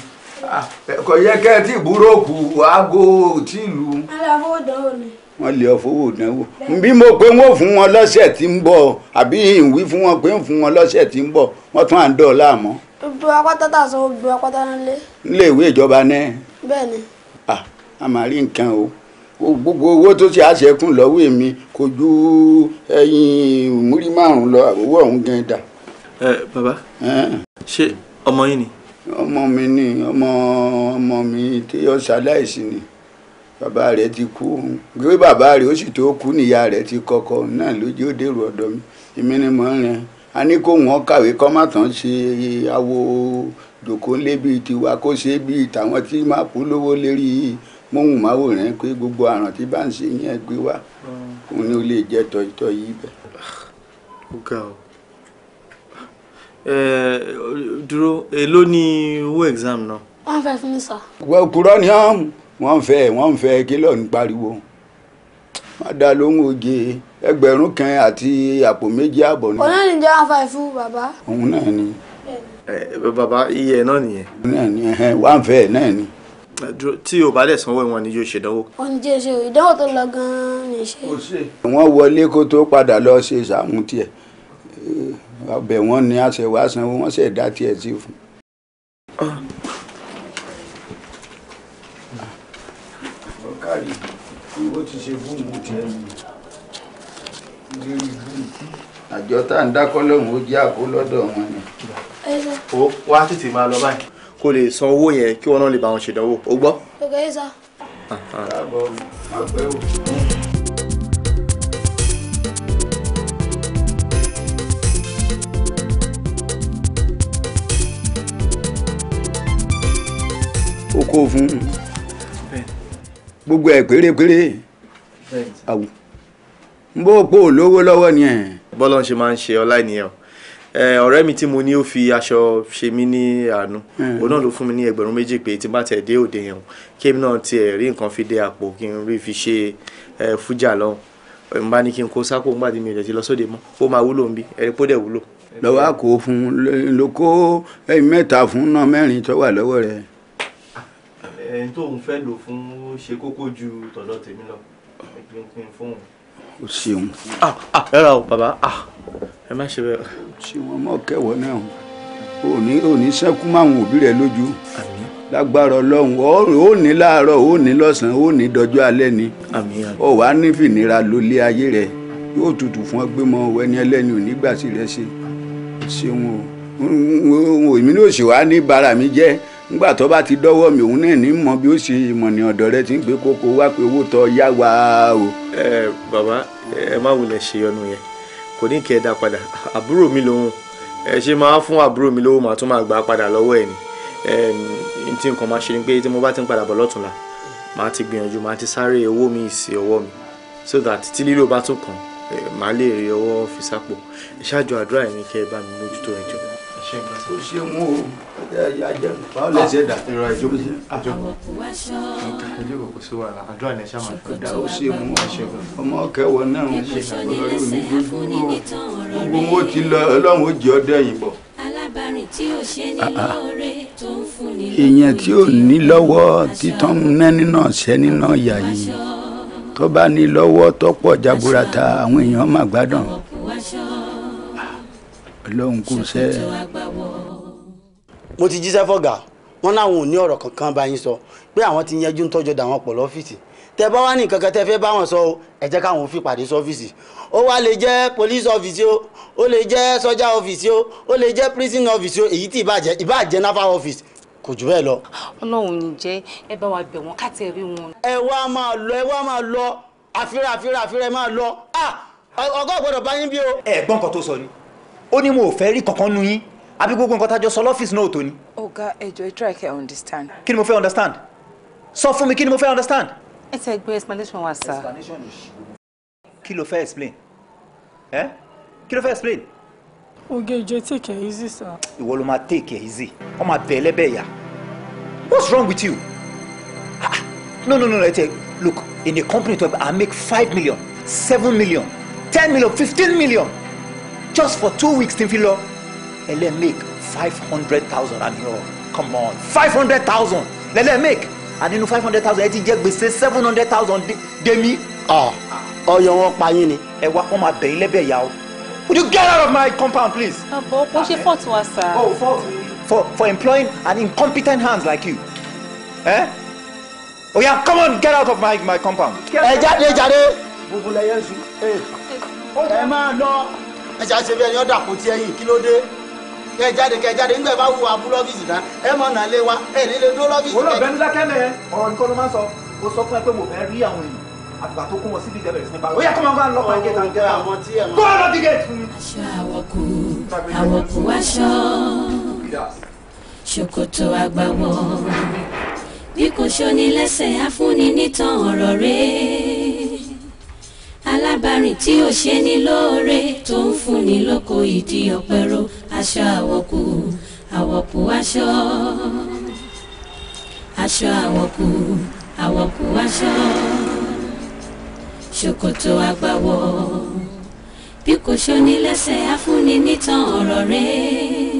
ah, kò yẹ kẹ́ ẹ tí ìbúròkù aago tí ìlú. aláfowó dánwò ni. wọ́n lè ọ̀fowó dánwò bí mo pé wọ́n fún wọn lọ́sẹ̀ tí ń bọ̀ àbí ìwí fún wọn pé ń fún wọn lọ́sẹ̀ tí ń bọ̀ wọ́n tún à ń dọ̀ láàmú. gbogbo apáta tà sọ gbogbo apáta nílé. nílé ìwé ìjọba náà. bẹ́ẹ̀ni. Ah, a máa rí nǹkan o gbogbo owó tó ti àṣẹkùn lọ́wọ́ èmi kò ju ẹyin múrí márùn-ún lọ owó ọ̀hún gan-an dà. ẹ eh, bàbá ṣé ọmọ yín ni ọmọ mi ni ọmọ ọmọ mi tí ó ṣaláìsí ni bàbá rẹ̀ ti kú gbé bàbá rẹ̀ ó sì tó kú níyà rẹ̀ ti kọ́kọ́ náà lójú ó dèrò ọ̀dọ̀ mi èmi ni mò ń rìn a ní kó wọn kàwé kọ́ má tán ṣe awo dòkónlé bíi tiwa kó ṣe bíi tàwọn tí máa kú lówó lérí móhùnmáwòrán pé gbogbo àrùn tí bá ń ṣe yẹn gbé wá òun ni ó lè jẹ́ tọ́jú yìí bẹ́ẹ̀ dúró èló ni owó exam náà. wọ́n fẹ́ fún mi sà. kúrọ́ ni wọ́n fẹ́ wọ́n fẹ́ kí lọ́ọ̀ ń pariwo má dá lóhùn oje ẹgbẹ̀rún kan àti àpò méjì àbọ̀ ni. ọ̀nà ìjọ àfàìfù bàbá. òun náà ni. bàbá iye náà nìyẹn. òun náà ni wọ́n fẹ́ náà ni tí o bá dẹ̀ sanwó ìwọ̀n ni yóò ṣe ìdánwò. wọ́n ti ṣe ìdánwò tó lọ gan-an ní ṣe. wọ́n wọlé kó tó padà lọ ṣe ìṣàmútiẹ̀ ọbẹ̀ wọn ni àṣẹ wàá sanwó wọ́n sì dá tiẹ̀ sí fún. ọ̀kàrí ó ti ṣe fún mi tiẹ̀ ní àjọ tá à ń dákọ́ lọ́hùn ó jẹ́ àkó lọ́dọ̀ wọn ni. o wá tètè máa lọ báyìí kó lè san owó yẹn kí wọn náà lè bá wọn ṣèdánwò ó gbọ́. ọ̀gá yìí sá. Ah, ah. káàbọ̀ máa pẹ́ kó fún gbogbo ẹ̀ pérépéré àwù n bó pò lówó lọ́wọ́ ni ẹ̀. bọ́lá ń ṣe máa ń ṣe ọlá ènìyàn ọ̀rẹ́ mi tí mo ní ó fi aṣọ ṣe mí ní àánú hmm. òun náà ló fún mi ní ẹgbẹ̀rún méjì pé tí bá tẹ̀ dé òde yẹn kémi náà tiẹ̀ rí nǹkan fi dé àpò kí n rí fi ṣe fújà lọ́hùn n bá ní kí n kó sápò ńgbà tí mi ò lọ sóde mọ́ ó máa wúlò ń bí ẹni pó dẹ̀ wúlò. lọ́wọ́ àkó fún ló kó mẹ́ta fún náà mẹ́rin tó wà lọ́wọ́ rẹ̀ ẹni tóun fẹ́ lò fún ṣe kókó ju tọ̀dọ̀ tèmi lọ ẹgbẹ́ kí n fóun. o ṣeun. Ah, ah, ẹ ra o bàbá ah, ẹ má ṣe bẹ́ẹ̀. ṣé wọn mọ̀ kẹwọ́ náà ò ní ò ní sẹ́kú máwọn òbí rẹ lójú lágbára ọlọ́run ó ní láàárọ̀ ó ní lọ́sàn-án ó ní dọjọ́ alẹ́ ni ó wàá ní fìnira lólé ayé rẹ yóò tutù fún ọgbẹ́ mọ ẹni ẹlẹ́ni ò ní gbà sí rẹ ṣe ṣeun o èmi ní òṣèwà ní bara mi jẹ́ ngbà tó bá ti dọ́wọ́ mi òun náà ní mọ bí ó ṣe ìmọ̀ ní ọ̀dọ̀ rẹ ti ń gbé kókó wá pé owó tọ yá wa o. ẹ bàbá ẹ má wulẹ̀ ṣe ọnu yẹn kò ní kí ẹ dá padà àbúrò mi lòun ẹ ṣe máa fún àbúrò mi lówó màá tún máa gbà padà lọ́wọ́ ẹ̀ ni tí nǹkan máa ṣe ni pé tí mo bá ti ń padà bọ̀ lọ́tùnla màá ti gbìyànjú màá ti sáré owó mi sí ọwọ́ mi so that tí lílo bá tún kàn màá lè rí ọwọ́ fi sápò ṣáàjọ àdúrà yẹn ni kí ẹ bá mi mójútó ẹjọ́. ẹ ṣe nǹkan mú o báwo lè ṣe dà ìrọ̀ ìjókòó àjọkò ìjókòó kò sí wàhálà ó ṣe mú ọmọ kẹwọ ń ṣe àgbọ̀lọ́rí èèyàn tí ò ní lọ́wọ́ títàn nẹ́ni náà sẹ́ni náà yà yìí tó bá ní lọ́wọ́ tó pọ̀ jaburata àwọn èèyàn máa gbádùn ọlọ́run kò sẹ́ẹ̀ mo ti jíṣẹ́ fọ̀gà wọn láwọn ò ní ọ̀rọ̀ kankan bá yín sọ pé àwọn ti yanjú ń tọ́jọ́ dàwọn pọ̀ lọ́fíìsì tẹ bá wá ní nǹkan kan tẹ fẹ́ bá wọn sọ o ẹ jẹ́ káwọn fi pàdé sọ́fíìsì ó wá lè jẹ́ police office o ó lè jẹ́ sọ́jà office o ó lè jẹ́ prison office o èyí tí ìbàjẹ́ ìbàjẹ́ naval office kò jù bẹ́ẹ̀ lọ. ọlọ́run ní jẹ́ ẹ bá wa bẹ̀ wọ́n ká tẹ̀ rí wọn. ẹ wá máa lọ ẹ wá máa lọ àfírà àfírà àfírà ẹ máa lọ ah! ọgọ́ gbọ́dọ̀ bá yín bí o. ẹ gbọ́n kan tó sọ ni ó ní mo ò fẹ́ rí kankan nu yín àbí gbogbo nǹkan tájọ sọ lọ́fíìsì náà tó ni. ọ̀gá ẹjọ́ ẹ try kẹ́ understand. kí ni mo fẹ́ understand sọ fún mi kí ni mo fẹ́ understand. ẹ ti gbé explanation wa sir. explanation yìí. kí ló fẹ́ explain ẹ eh? kí ló fẹ́ explain. ọ̀gá ejo take it easy sir. ìwọ ló máa take it easy wọ́n máa bẹ̀ ẹlẹ́bẹ̀ yà what's wrong with you ha no no no ẹ look in a company to i make five million seven million ten million fifteen million just for two weeks tí fi lọ. Let me make five hundred thousand àmì come on five hundred thousand lẹ́lẹ́ make àdínú five hundred thousand ẹ ti jẹ gbèsè seven hundred thousand demi. Ah, ọyọ wọn pa yín ni. ẹ wá kó máa bẹ̀yìn lẹ́bẹ̀ẹ́ yà o would you get out of my compound please. àbọ̀ kò ṣe fault wa sá. oh fault for for employing an incompetent hands like you. Eh? oh, yeah, come on get out of my my compound. ẹ jáde jáde. gbogbo lẹyẹ sùn. Eh. ẹ máa lọ. ẹ ṣàṣe bí ẹni ọ̀dà kò tiẹ̀ yìí kí ló dé kẹ jáde kẹ jáde nígbà bá wù abú lọ́fíìsì tán ẹ mọ̀ náà lé wa ẹ nílé dúró lọ́fíìsì. wọ́n lọ bẹ́ẹ̀ ní lákẹ́lẹ̀ ọ̀rọ̀ nìkan ló máa ń sọ ó sọ fún ẹ pé mo fẹ́ rí àwọn èèyàn àgbà tó kún wọn síbi ìjẹbẹrẹ sí nípa rẹ ó yẹ kó máa bá lọ pa gẹta gẹta àwọn tí ẹ máa. kó lọ bí gẹẹtì. aṣọ àwọ̀kù àwọ̀kù aṣọ ṣòkòtò àgbàwọ̀ bí kò ṣoni alábàárìn tí ò ṣe ní lóore tó ń fúnni lóko ìdí ọ̀pẹ̀rọ aṣọ àwọ̀kù àwọ̀kù aṣọ aṣọ àwọ̀kù àwọ̀kù aṣọ ṣòkòtò àgbàwọ̀ bí kò ṣoní lẹ́sẹ̀ afúnni nítàn ọ̀rọ̀ rẹ̀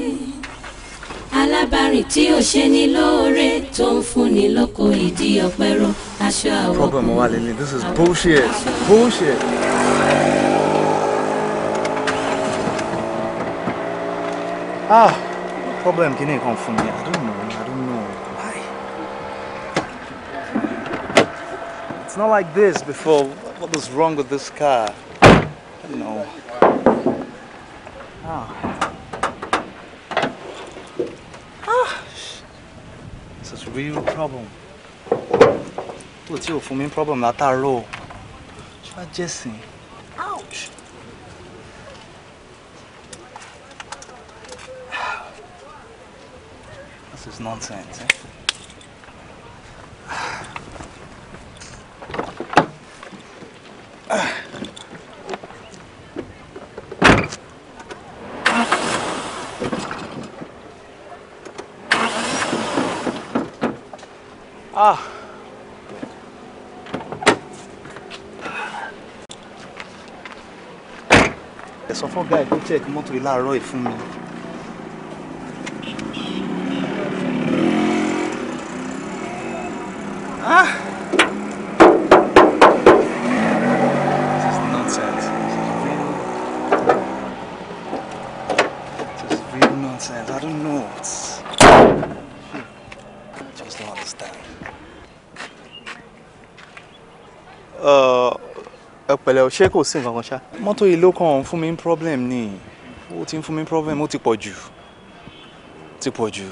alábàárìn tí ò ṣe ní lóore tó ń fúnni lóko ìdí ọpẹ́ aṣọ àwọ̀. problem wà lélẹ̀ this is bullshit bullshit. ah problem kí ni nǹkan fún mi i don't know i don't know why. it's not like this before what was wrong with this car i don't know. ah. Ah. It's a real problem. Ó tí ò fún mi problem látàárọ̀. Ṣé wàá jẹ̀sìn? Ouch! This is nonsense. Eh? Ah. Ah. ẹ sọ fún ọ̀gá ẹ̀ kó check mọ́tò yìí láàárọ̀ yìí fún mi. pẹ̀lẹ́ o ṣé kò sí nǹkan kan ṣá. mọ́tò yìí ló kàn ń fún mi ní problem ni ó ti ń fún mi ní problem ó ti pọ̀ jù ti pọ̀ jù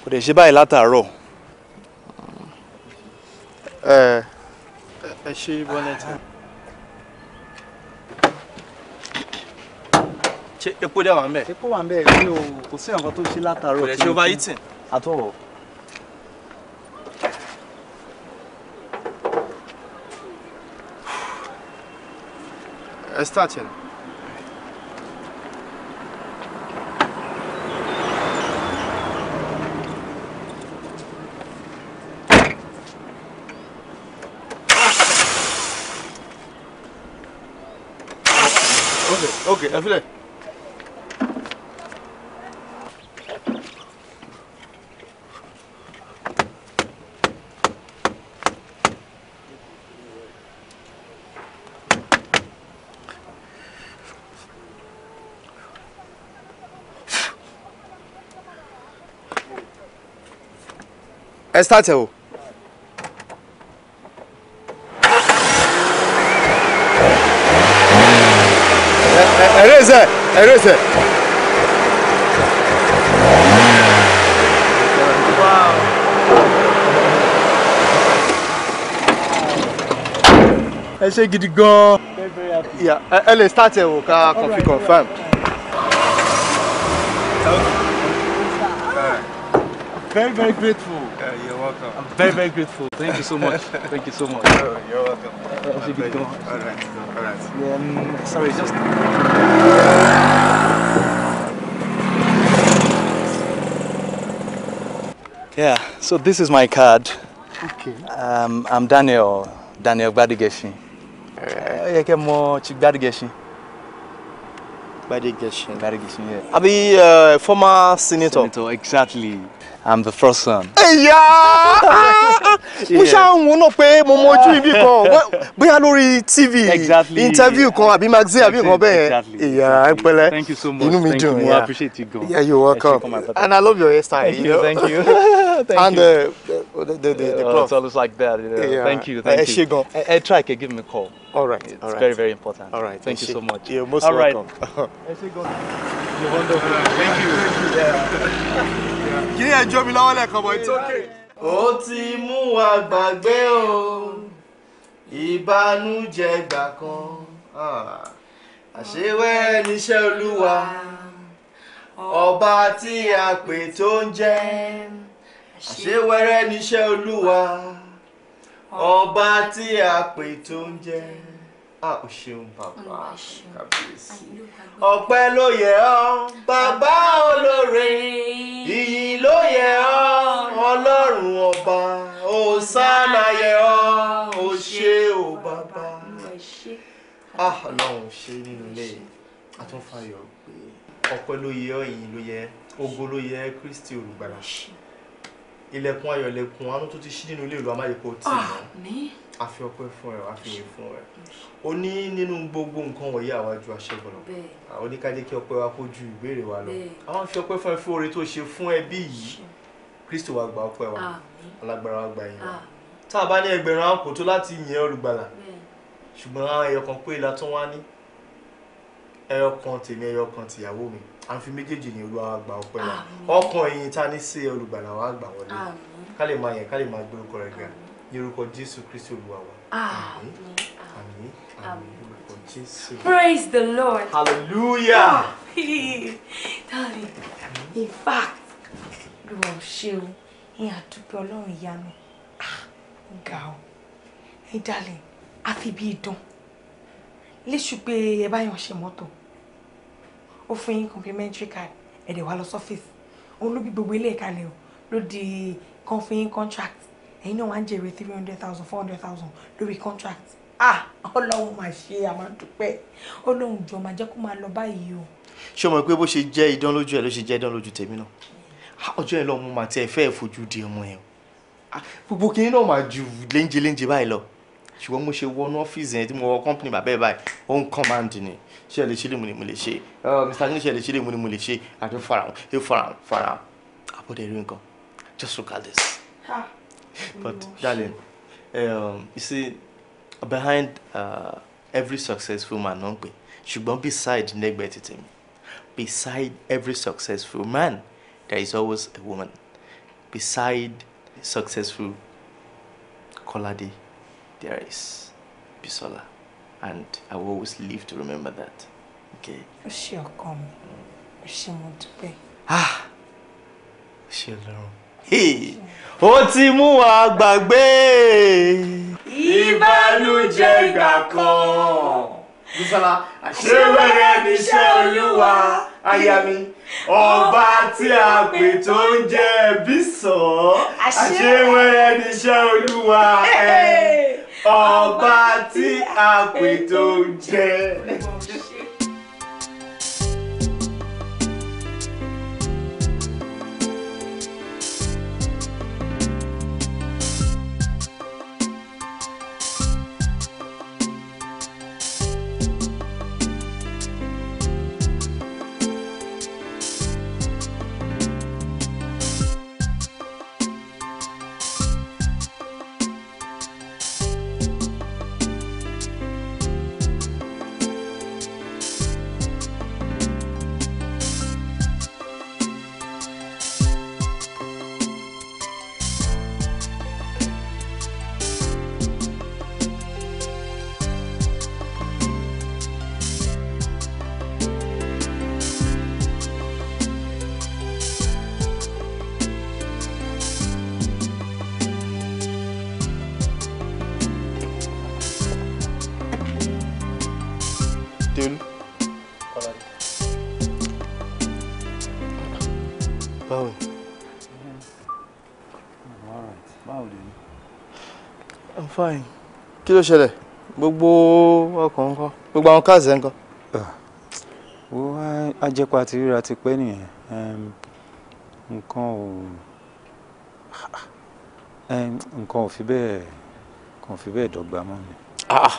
kò dẹ̀ ṣe báyìí látàárọ̀. ẹ ẹ ṣe bọ́nẹ́tì. ṣé epo dẹ̀ wà ń bẹ̀. epo wà ń bẹ̀ mi ò kò sí nǹkan tó ṣe látàárọ̀. kò dẹ̀ ṣe overheating. at Блистатель. اوكي اوكي افلح ẹ start ẹ o. ẹ raise ẹ ẹ raise ẹ. ẹ ṣe gidi gan-an. ẹ lè start ẹ o ká Very very grateful. very, very grateful. Thank you so much. Thank you so much. you're welcome. Uh, All right. All right. Um, sorry, just... Yeah, so this is my card. Okay. Um, I'm Daniel, Daniel Gbadigeshi. All right. Uh, Badi Geshin. Badi Geshin, yeah. I be uh, former senator. Senator, exactly. I'm the first one. Ẹ̀yà! Mo ṣáà ń wọnà pé mo mọjú ibi kan Exactly. lórí TV interview kan àbí magazine àbí Exactly. bẹ́ẹ̀. Ẹ̀yà ẹ̀pẹ̀lẹ́. Thank you so much. Inú mi dùn. I appreciate you gan. Yeah, you're welcome. And I love your hairstyle. Thank you, know? thank you. thank you. And uh, the, the, the, prof. Uh, so it's like that. You know. yeah. Thank you. Thank uh, you. I Uh, try can give me a call. All right. It's all right. very, very important. All right. Thank Eshigon. you so much. You're most all welcome. Right. Eshigon. You're wonderful. Uh, thank you. Yeah. Kí job. ẹjọ́ mi lọ́wọ́ lẹ́ẹ̀kan bọ̀, it's okay. Ó ti mú wa gbàgbé o, ìbànújẹ́ gbà kan. Ah. Àṣewẹ́ níṣẹ́ Olúwa, ọba tí a pè tó ń jẹ́ àṣewẹ́rẹ́ níṣẹ́ olúwa ọba tí a pè tó ń jẹ́ a ò ṣeun bàbá kàbíyèsí ọpẹ́ ló yẹ ọ́ bàbá olóore iyì ló yẹ ọ́ ọlọ́run ọba òsánà yẹ ọ́ ah, ò ṣe ò bàbá ọlọ́run ṣe nínú ilé àtúnfàyọ̀ pé ọpẹ́ ló yẹ ọ́ ìyìn ló yẹ ògo ló yẹ Kristi olùgbàlà ilẹ̀kùn ayọ̀ ilẹ̀kùn àánú tó ti ṣí nínú ilé ìlú amáyẹ̀kọ́ tì ah, í àfi ọpẹ́ fún ẹ àfi ìwé fún ẹ o ní nínú gbogbo nǹkan wọ̀nyí àwájú aṣẹ́gun lọ àwọn oníkájẹ́ kí ọpẹ́ wa kó ju ìbéèrè wa lọ àwọn àfi ọpẹ́ fún ẹ fún oore tó ṣe fún ẹbí yìí Kristi wa gba ọpẹ́ wa alágbára wa gba ẹ̀yìn wa tá a bá ní ẹgbẹ̀rún àwọn tó láti yìn olùgbàlà ṣùgbọ́n ẹyọ pé ìlà tó wá ní ẹyọ tèmi ẹyọ tìyàwó mi à méjèèjì ní olúwa àgbà ọpẹ́ wa ọkàn ẹ̀yìn ta ní sí olùgbàlà wa àgbà wọlé ká lè máa yẹn ká lè máa gbé orúkọ rẹ̀ ga ní orúkọ jésù kristi olúwa wa àmín àmín orúkọ jésù. praise the lord hallelujah. Ah, darling in fact olúwa ò ṣeun ní àdúgbò ọlọ́run ìyanu ah, ga o ẹ darling àfi bíi dán léṣù pé ẹ bá yàn ṣe mọ́tò ó fún yín complimentary card ẹ̀dẹ̀ wá lọ sọ́fíìsì òun ló bí gbogbo ilé ìkàlẹ̀ o ló di kan fún yín contract ẹ̀yin náà wá ń jèrè three hundred thousand four hundred thousand lórí contract ah ọlọ́run máa ṣe àmàdúpẹ́ ọlọ́run jọ máa jẹ́ kó máa lọ báyìí o. ṣé o mọ̀ pé bó ṣe jẹ́ idán lójú ẹ̀ ló ṣe jẹ́ idán lójú tèmi náà ah! ọjọ́ ẹ̀ lọ́ọ́ mo máa tiẹ̀ fẹ́ẹ́ fojú di ọmọ ẹ̀ ah! gbogbo kìnìún náà máa ju léńjeléńje báyìí lọ ṣùgbọ́n mo ṣe wọnú ọ́fíìsì yẹn tí mo wọ kọ́ńpìnì bàbá ẹ̀ báyìí ó ń kọ́máǹdì ni ṣé ẹ lè ṣe lè mo lè ṣe mr agnes ṣé ẹ lè ṣe lè mo lè ṣe àti farahàn ẹ farahàn farahàn abọ́dẹ̀ rí nǹkan just look at this but darling um, you see behind uh, every successful man náà ń pè beside nẹ́gbẹ̀ẹ́ tètè mi beside every successful man there is always a woman beside successful Kolade there is Bisola and I will always live to remember that. Okay. Ó ṣé come. mi. Ó ṣé mo Ah. Ó ṣé Ọlọ́run. Hey. Ó ti mú wa gbàgbé. Ìbànújẹ́ ìgbà kan. Bísọ́lá, àṣewẹ́rẹ́ níṣẹ́ Olúwa, aya mi. Ọba tí a pè tó ń jẹ́ Bísọ̀, àṣewẹ́rẹ́ níṣẹ́ Olúwa. Hey ọba tí a pè tó jẹ. kí ló ṣẹlẹ̀ gbogbo ọkọ̀ ńkọ́ gbogbo àwọn káàsì ńkọ́. wo ajẹ́pọ̀ àti ríra ti pẹ́ nìyẹn nǹkan ò nǹkan ò fi bẹ́ẹ̀ nǹkan fi bẹ́ẹ̀ dọ́gba mọ́ mi. Ah, ah.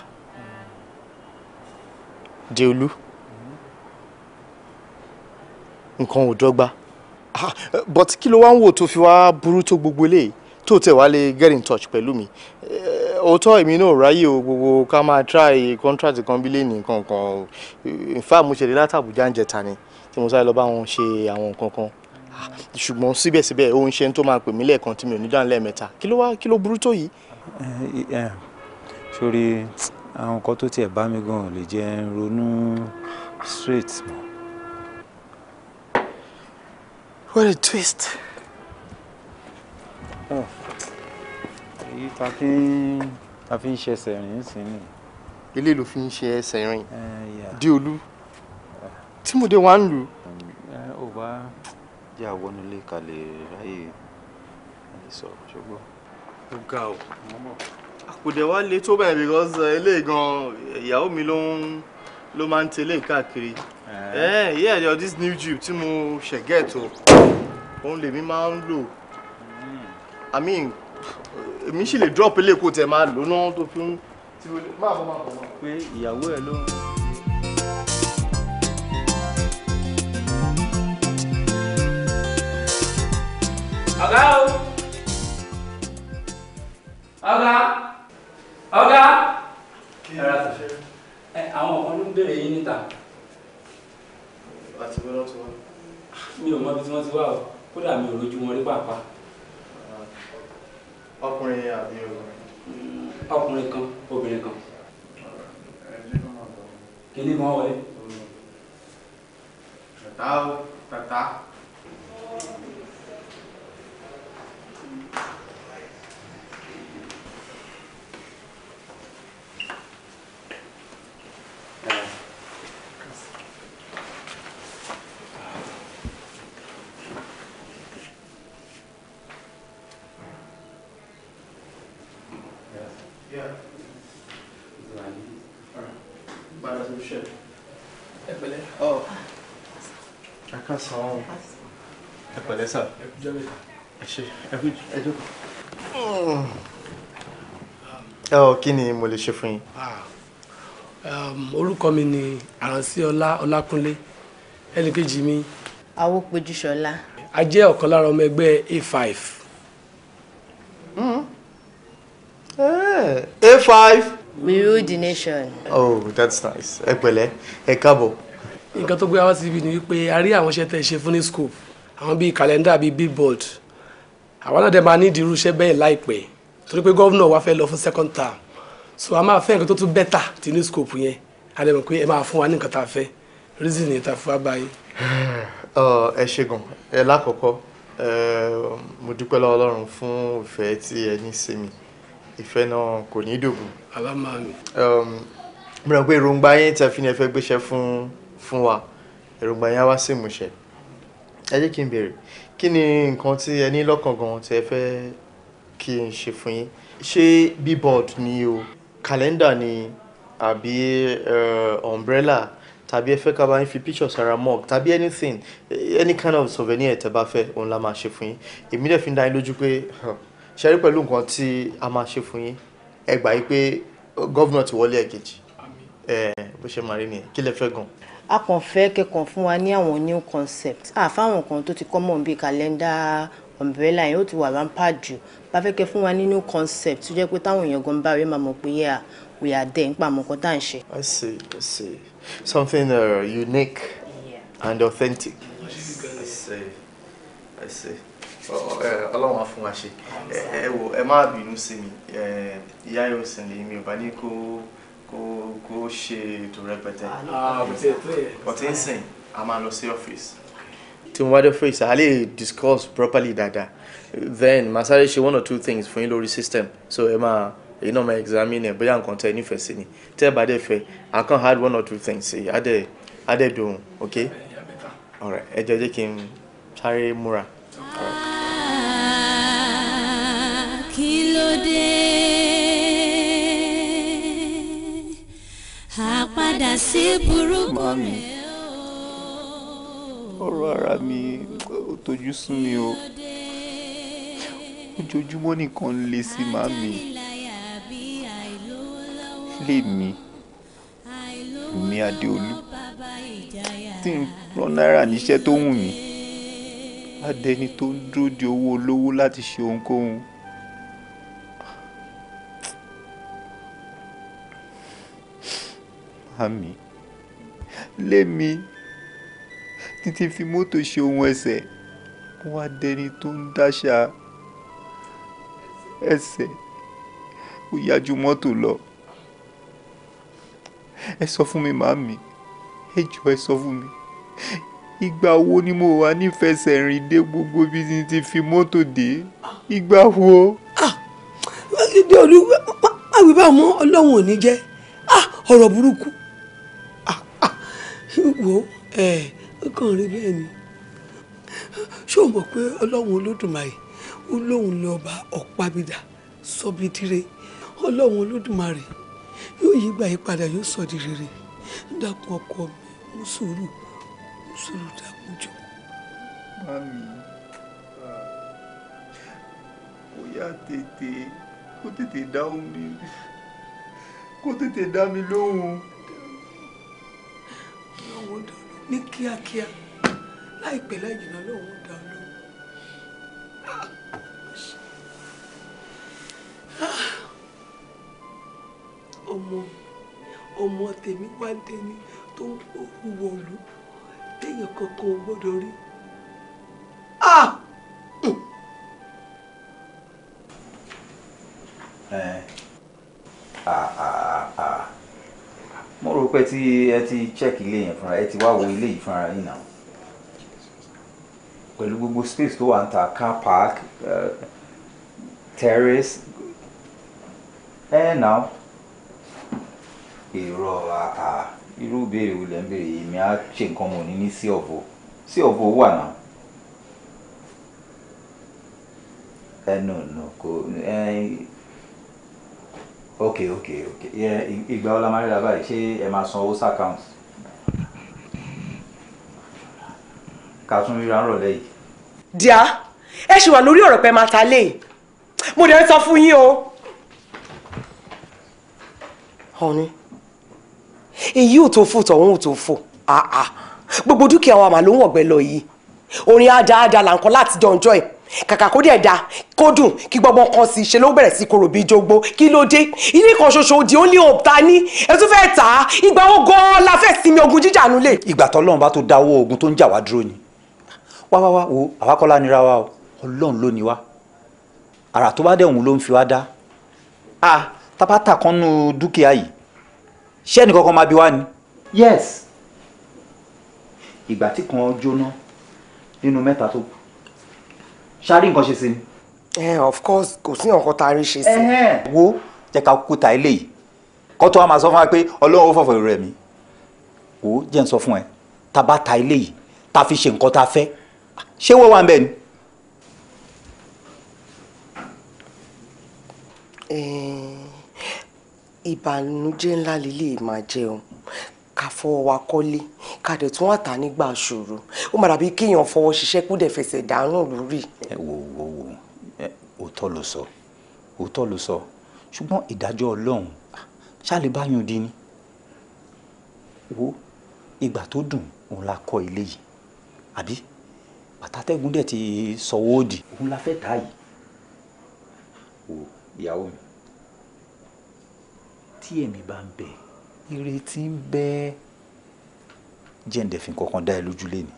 Deolu nǹkan ò dọ́gba ah, but kí ló wá ń wò tó fi wá burú tó gbogbo eléyìí tó tẹ̀ wá lè get in touch pẹ̀lú mi eh, òótọ́ èmi náà ráyè o gbogbo ká máa try contract kan bí lẹ́nìí kankan o in mo ṣẹlẹ̀ láti ń jẹta ni tí mo sáré lọ bá wọn ṣe àwọn nǹkan kan ah, ṣùgbọ́n síbẹ̀síbẹ̀ ó ń ṣe tó máa pè mí lẹ́ẹ̀kan tí mi ò ní dáhùn lẹ́ẹ̀mẹ́ta kí ló wá kí ló burú tó yìí. Eh, eh, sórí àwọn nǹkan tó tiẹ̀ bá mi gan lè jẹ́ ronú straight mọ́. what a twist. Oh èyí ta fi ń ta fi ń ṣe ẹsẹ̀ rìn sí ni. ilé ló fi ń ṣe ẹsẹ̀ rìn dí olú tí mo dé wá ń lù. ò bá jẹ́ àwọn ilé kalẹ̀ ráyè sọ̀rọ̀ ṣùgbọ́n. ó ga ọ àkùdẹ wa le tó bẹ́ẹ̀ because eléyìí eh, gan ìyàwó mi ló ń ló máa ń tẹ̀lé káàkiri eh, yeah yeah this new jeep tí mo ṣẹ̀gẹ́ẹ̀tò òun lèmi máa ń lò hmm. i mean èmi sì lè drop ilé kó tẹ máa lò náà tó fi ń tí mo lè bọ́ máa bọ̀ máa pé ìyàwó ẹ̀ ló ń. ọ̀gá o ọ̀gá ọ̀gá àwọn kan ló ń bèrè yín níta. àti bọ́lá tí wọ́n. mi ò mọ ibi tí wọ́n ti wá o kódà mi ò rojú wọn rí pàápàá. Ah ọkùnrin àbí obìnrin. ọkùnrin kan obìnrin kan. kìnìún kan wọlé. tata o tata. Thank you. jẹ́ mẹ́ta. ẹ ṣe ẹ kú ẹ jókòó. ẹ ọ kí ni mo lè ṣe fún yín. Ah. Um, orúkọ mi ni Àrànsíọlá Ọlákúnlé ẹnìkejì mi. Awópejúṣọlá. a jẹ́ ọ̀kan lára ọmọ ẹgbẹ́ a five. A5. We rule the nation. Oh, that's nice. Ẹ pẹ̀lẹ́, ẹ káàbọ̀. Nǹkan tó gbé wa síbi ni wípé a rí àwọn iṣẹ́ tẹ́ ṣe fún ní scope àwọn bíi kàlẹ́ndà bíi billboard àwọn náà dẹ̀ máa ní ìdírú iṣẹ́ bẹ́ẹ̀ láìpẹ́ torí pé gọ́vnà wa fẹ́ lọ fún second term so a máa fẹ́ nǹkan tó tún bẹ́tà tí ní scope yẹn a mọ̀ pé ẹ máa fún wa ní nǹkan tá a fẹ́ reason yẹn tá a fún wa báyìí. ẹ ṣe gan ẹ lákọ̀ọ́kọ́ mo dúpẹ́ lọ́wọ́ Ọlọ́run fún ìfẹ́ tí ẹ ní sí mi ìfẹ́ náà kò ní dògùn. alámàmì. mo rò pé èròǹgbà yẹn tẹ fi ní ẹ fẹ́ gbéṣẹ́ fún wa èròǹgbà yẹn á wá sí ìmúṣẹ ẹ jẹ́ kí n béèrè kí ni nǹkan tí ẹ ní lọ́kàn gan tí ẹ fẹ́ kí n ṣe fún yín ṣé billboard ni o kàlẹ́ndà ni àbí eh, umbrella tàbí ẹ fẹ́ ká bá yín fi picture sára mug tàbí anything any kind of souvenir tẹ́ bá fẹ́ òun la máa ṣe fún yín èmi dẹ̀ fi ń dá yín lójú pé ṣe rí pẹ̀lú nǹkan tí a máa ṣe fún yín ẹ gbà yí pé gómìnà ti wọlé ẹ̀kejì eh, bó ṣe máa rí nìyẹn kí lẹ fẹ́ gan a kàn fẹ́ kẹ́kàn fún wa ní àwọn new concept àfáwọn kan tó ti common bíi kàlẹ́ndà umbrella yẹn ó ti wà rampant jù bá fẹ́ kẹ́ fún wa ní new concept tó jẹ́ pé táwọn èèyàn gan bá rí màá mọ̀ pé yẹ́ à we are there nípa àmọ́ nǹkan tá à ń ṣe. I see I see something uh, unique yeah. and authentic. Yes. I see I see uh, ọlọ́run á fún wa ṣe ẹ wo ẹ má bínú sí mi ìyá yóò sì lè mi ò bá ní kó kó kó ṣe ètò rẹpẹtẹ ah, ah, but n sìn a máa lọ sí office. tí mo bá dé ọ́fíìsì a lè discuss properly dáadáa then màá sáré ṣe one or two things fún yín lórí system so ẹ máa èyí náà máa examine ẹ bóyá nǹkan tẹ nífẹ̀ẹ́ sí ni tẹ́ ẹ bá dẹ̀ fẹ́ i can add one or two things sí i á dẹ̀ á dẹ̀ dùn ok alright ẹ jẹ́ jẹ́ kí n sáré múra. kí ló dé. padà sí burúkú mi. ọ̀rọ̀ ara mi ò tójú sú mi o ojoojúmọ́ nìkan ń le sí màmí lèmi mi adéolú tí ń rán náírà níṣẹ́ tó wù mí adẹni tó ń dúró de owó olówó láti ṣe ohunkóhun. àmì lémi títí fi mọ́tò ṣe ohun ẹsẹ̀ mo wá dẹni tó ń dáṣà ẹsẹ̀ ó yá ju mọ́tò lọ ẹ sọ fún mi màámi ẹ jọ ẹ sọ fún mi ìgbà wo ni mo wà nífẹsẹ̀ rìn dé gbogbo bí ti ti fi mọ́tò dé ìgbà wo. Ah! ìdí olú má wí bá mọ́ ọlọ́run ò ní jẹ́ ah! ọ̀rọ̀ burúkú wo ẹ ó kàn rí bẹ́ẹ̀ ni ṣé o mọ̀ pé ọlọ́run olódùmarè ó lóun lọ ọba ọ̀pábídà sọ́bídìrẹ́ ọlọ́run olódùmarè yóò yí gbà yí padà yóò sọ di rere dákun ọkọ mi mú sùúrù mú sùúrù dákun jọ. mami kó ah, yá tètè kó tètè dá omi kó tètè dá mi lóhùn. ní kíákíá láìpẹ́ láì jìnnà lóun dá ọ lóhùn. ọmọ ọmọ tèmi wá ń tẹni tó ń wọ̀lú téèyàn kankan ò rí. pé tí ẹ ti check ilé yẹn fúnra ẹ ti wá wo ilé yìí fúnra yìí náà pẹ̀lú gbogbo space tó wà ń ta car park uh, terrace ẹ eh, náà èrò àà irú ìbéèrè wo lẹ́ ń béèrè yìí mi á ṣe nǹkan mọ̀ ní ní sí ọ̀bọ̀ sí ọ̀bọ̀ wà náà. ẹ nù nù kò ẹ ok ok ok ìgbà ọlá máa ríra báyìí ṣé ẹ máa san owó sàkáǹt ká tún ríra rọ̀lẹ́ yìí. díà ẹ ṣì wà lórí ọ̀rọ̀ pẹ́ máa ta lé mo dẹ̀ ń sọ fún yín o. ọ̀ni èyí ò tó fò tọ̀hún ò tó fò gbogbo dúkìá wa mà ló ń wọ̀gbẹ́ lọ yìí orin àdáadáa là ń kọ́ láti jọ̀ǹjọ́ ẹ̀ kàkà kó dẹ̀ da kó dùn kí gbọ́gbọ́n kan sí ṣe ló bẹ̀rẹ̀ sí korò bíi jogbo kí ló dé ilé kan ṣoṣo di ó ní òòta ní ẹ tún fẹ́ tà á ìgbà ó gan-an la fẹ́ sinmi ogun jíjà nulẹ̀. ìgbà tọ́lọ́run bá tó da owó ogun tó ń jà wá dúró ni wá wá wá wo àwa nira wa o ọlọ́run ló ni wá àrà tó bá dẹ̀ òun ló ń fi wá dá a tábàtà kan nu dúkìá yìí ṣé ẹnì kankan máa bi wá ni. yes ìgbà tí kan jóná nínú mẹ́ta tó kù ṣáàrí nǹkan ṣe sí ni. Eh, of course kò sí nǹkan tá a rí ṣe sí. wo jẹ́ ká kú ta eléyìí kó tó wá máa sọ fún wa pé ọlọ́run ó fọ̀fọ̀ rẹ̀ mí wò jẹ́ ń sọ fún ẹ tá a bá ta eléyìí tá a fi ṣe nǹkan tá a fẹ́ ṣé wọ́n wà ń bẹ̀ ni. Eh, ìbànújẹ́ ńlá lélẹ̀ máa jẹ́ o ká wa kọ́lé ká dẹ̀ tún àtà nígbà ṣòro ó má dàbí kéèyàn fọwọ́ ṣiṣẹ́ kó dẹ̀ fẹsẹ̀ dànù lórí. ẹ wo wo wo ẹ òótọ́ ló sọ òótọ́ ló sọ ṣùgbọ́n ìdájọ́ ọlọ́run ah, ṣáàlì bá dín ní wo ìgbà tó dùn òun la kọ́ ilé yìí àbí bàtàtẹ́gùn dẹ̀ ti sọ̀wọ́ òdì òun la fẹ́ tà yìí wo ìyàwó mi tí èmi bá ń bẹ̀ẹ́ ìrètí ń bẹ jẹ́ǹdẹ̀fín kankan dá ẹ lójú lé ní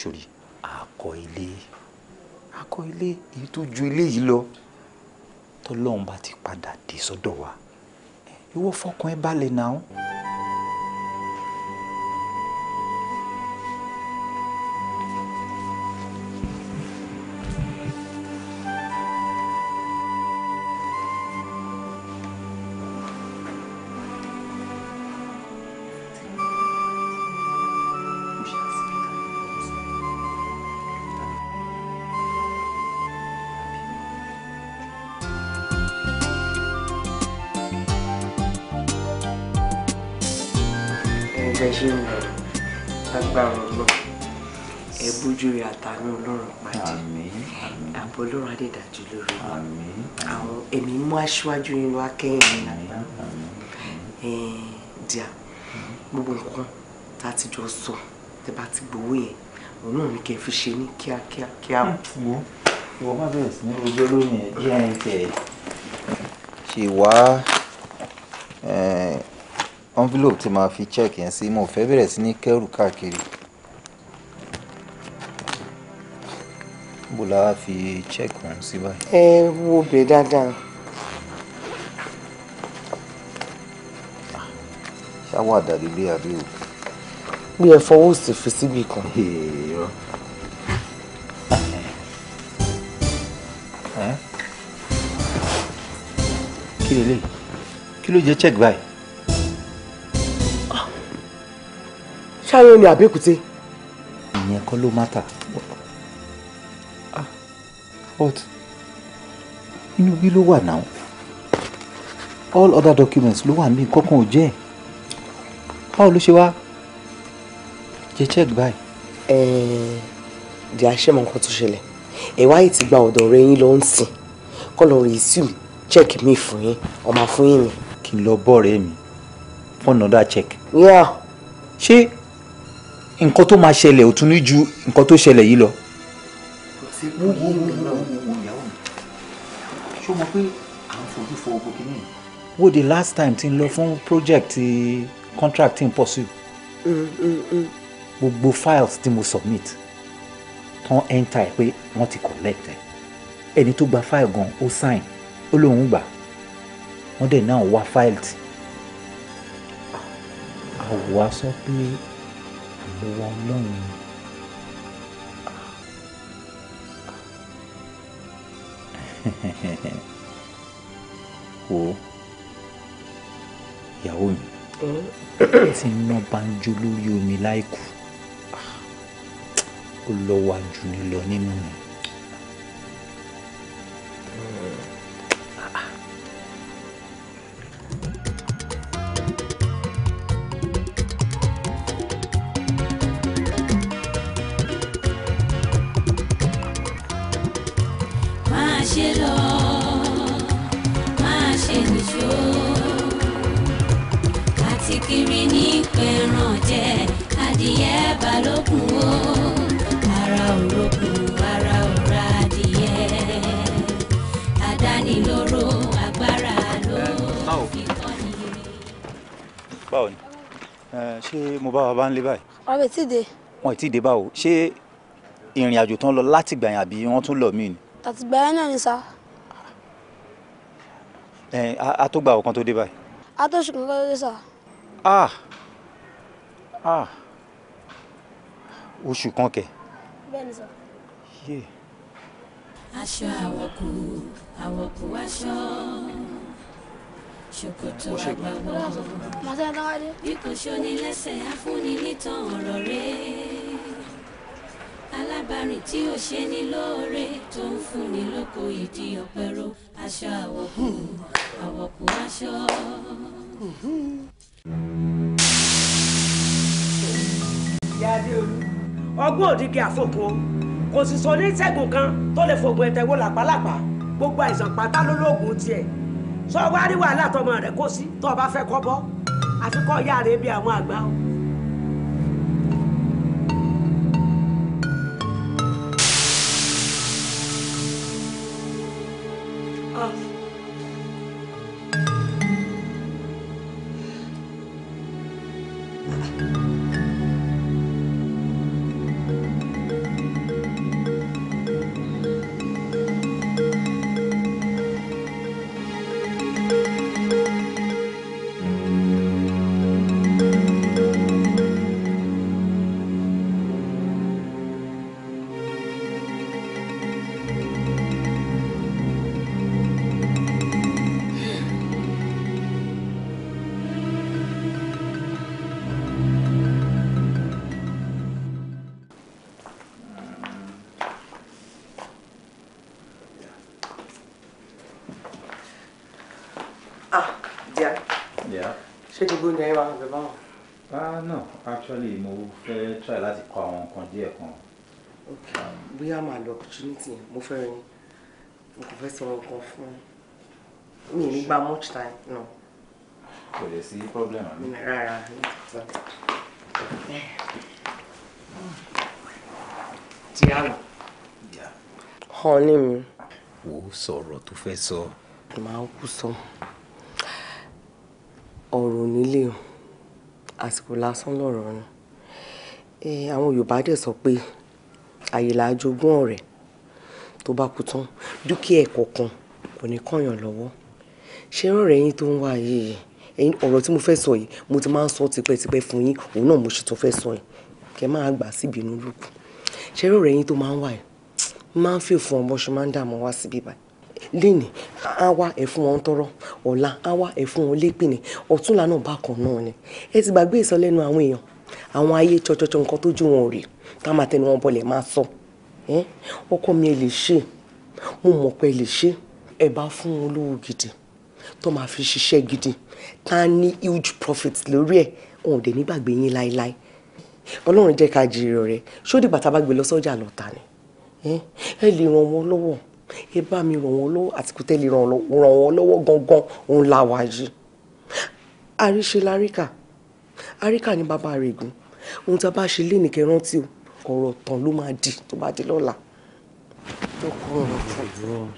sórí àkọ ilé àkọ ilé èyí tó ju ilé yìí lọ tọ́lọ́run bá ti padà dé sọ́dọ̀ wa ìwọ fọkàn ẹ balẹ̀ náà. aṣíwájú yín ló akẹ́yìn ní nàgbà díà gbogbo nǹkan tá a ti jọ sọ tẹ bá ti gbowó yẹn òun náà ní kí fi ṣe ní kíákíá wo wo má bẹ̀rẹ̀ sí ní ojú olóyìn ẹ̀ díẹ̀ ń tẹ̀ ṣe wá envelope tí màá fi check yẹn sí mo fẹ́ bẹ̀rẹ̀ sí ní kẹ́rù káàkiri. bó la fi check òun sí báyìí. ẹ wo bẹ̀ dáadáa. ṣáwàdà lílé àbíwò. bí ẹ fọwọ́ sí fi síbì kan. èèrọ. kí lè lè kí ló jẹ check báyìí. ṣáyẹn ni àbẹ́kùté. ìyẹn kọ́ ló mátà. Ah. but inú bí ló wà náà all other documents ló wà ní kọ́kàn ò jẹ́ ẹ̀ báwo ló ṣe wá jẹ check báyìí. ẹ di àṣẹmọ nǹkan tó ṣẹlẹ̀ ẹwà yìí ti gba ọ̀dọ̀ rẹ yín lọ ń sìn kọ lọ rè sí mi check mi fún yín ọmọ fún yín mi. kí n lọ bọ ọ̀rẹ́ mi for another check. ṣé nǹkan tó máa ṣẹlẹ̀ ò tún ní ju nǹkan tó ṣẹlẹ̀ yìí lọ. o mọ̀ wo the last time ti ń lọ fún project ti. Uh contract tí n pursue gbogbo files tí mo submit tán enter ẹ pé wọ́n ti collect ẹ ẹni tó gba file gan ó sign ó lóun gbà wọ́n dẹ̀ náà wá file tì àwòwá sọ pé àlọ́wọ́ ọlọ́run ni. wo ìyàwó mi tí iná bá ń jó lórí omi láìkù ó lọ́wọ́ àjùnilọ nínú mi. àwọn ètí dé. wọn ètí dé báwo ṣé ìrìn àjò tán lọ láti gbà yẹn àbí wọn tún lọ míì ni. àtìgbà yẹn náà ni sá. ẹ a tó tó dé báyìí. a tó dé sá. ah ah oṣù kan kẹ. bẹ́ẹ̀ni sá. aṣọ àwọ̀kù àwọ̀kù aṣọ ṣòkòtò àgbàgbọ́ bí kò ṣoni lẹ́sẹ̀ afúnni nítàn ọ̀rọ̀ rẹ̀ alábàárìn tí ò ṣe ní lóore tó ń fúnni lóko ìdí ọ̀pẹ̀rọ aṣọ àwọ̀kù àwọ̀kù aṣọ. ìyá adéolú ọgbọ́n òdìgẹ àfòkò kò sì sọ oníṣègùn kan tó lè fògùn ẹ̀tẹ̀wò làpálàpá gbogbo àìsàn pátá lólóògùn tiẹ̀ sọ wá rí wàhálà tọmọ rẹ kó sí tọ́ ọ bá fẹ́ kọ́ bọ́ àfikọ́ yára ebi àwọn àgbà o. tó ní ẹwà ọ̀sẹ̀ báwọn. ah no actually mo fẹ́ try láti kọ àwọn nǹkan díẹ̀ kan. bóyá màá lọ opportunity mo fẹ́ rin mo kò fẹ́ sọ nǹkan fún mi ní gba much time no. kò lè sí problem àná. Mm, rárá ti á lọ. hàn ní mi. wo sọ̀rọ̀ tó fẹ́ sọ. màá kú sọ ọ̀rọ̀ nílé o àsìkò lásán lọ̀rọ̀ ni àwọn Yorùbá dẹ̀ sọ pé àyè là á jogún ọ̀rẹ́ tó bá kú tán dúkìá ẹ̀ kọ̀ọ̀kan kò ní kọ̀yàn lọ́wọ́ ṣé rọ̀rẹ́ yín tó ń wá yìí ẹ̀yin ọ̀rọ̀ tí mo fẹ́ sọ yìí mo ti máa ń sọ tipẹ́tipẹ́ fún yín òun náà mo sì tún fẹ́ sọ yìí kẹ́ máa gbà síbínú lùkù ṣé rọ̀rẹ́ yín tó máa ń wá yìí máa ń fè fún ọmọ ṣe máa ń dààmú wá síbí báyìí lénìí á wá ẹ̀fún wọn tọrọ ọ̀la á wá ẹ̀fún wọn lépìnì ọ̀túnla náà bákan náà ni ẹ ti gbàgbé ìsọlẹ́nu àwọn èèyàn àwọn ayé tsọtsọtsọ nǹkan tó ju wọn rí ká máa tẹnu wọn bọlẹ̀ máa sọ ọkọ mi ẹ lè ṣe mo mọ̀ pé ẹ lè ṣe ẹ bá fún wọn gidi tó máa fi ṣiṣẹ́ gidi tá a ní huge profit lórí ẹ̀ òun ò dé nígbàgbé yín láéláé ọlọ́run jẹ́ ká jèrè rẹ̀ ṣó dìgbà tá a bá gbé lọ sọ́jà lọ́ta ni ẹ lè ràn wọ́n lọ́wọ́ ẹ bá mi ràn wọ́n lọ́wọ́ àti kùtẹ́lì ràn wọ́n lọ́wọ́ gangan òun la wà yìí àríṣe láríkà àríkà ni bàbá rẹ̀ gùn ohun tá a bá ṣe lé nìkẹ́ rántí o ọ̀rọ̀ tán ló máa di tó bá di lọ́la. ó kọ́ ọ̀rọ̀ fún un.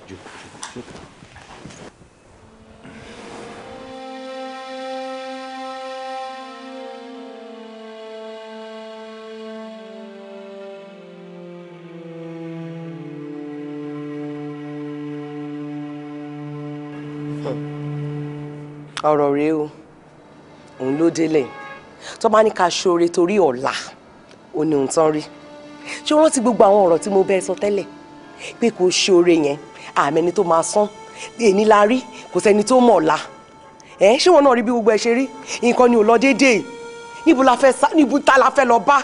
ọ̀rọ̀ rèé o òun ló délẹ̀ tó bá ní ká ṣoore torí ọ̀la ó ní òun tán rí ṣé wọ́n ti gbogbo àwọn ọ̀rọ̀ tí mo bẹ́ẹ̀ sọ tẹ́lẹ̀ pé kò ṣoore yẹn àmẹ́ni tó máa sán èní la rí kò sẹ́ni tó mọ̀ ọ̀la ẹ̀ ṣé wọn náà rí bí gbogbo ẹ̀ ṣe rí nǹkan ni ò lọ déédéé níbo la fẹ́ sá níbo ta la fẹ́ lọ bá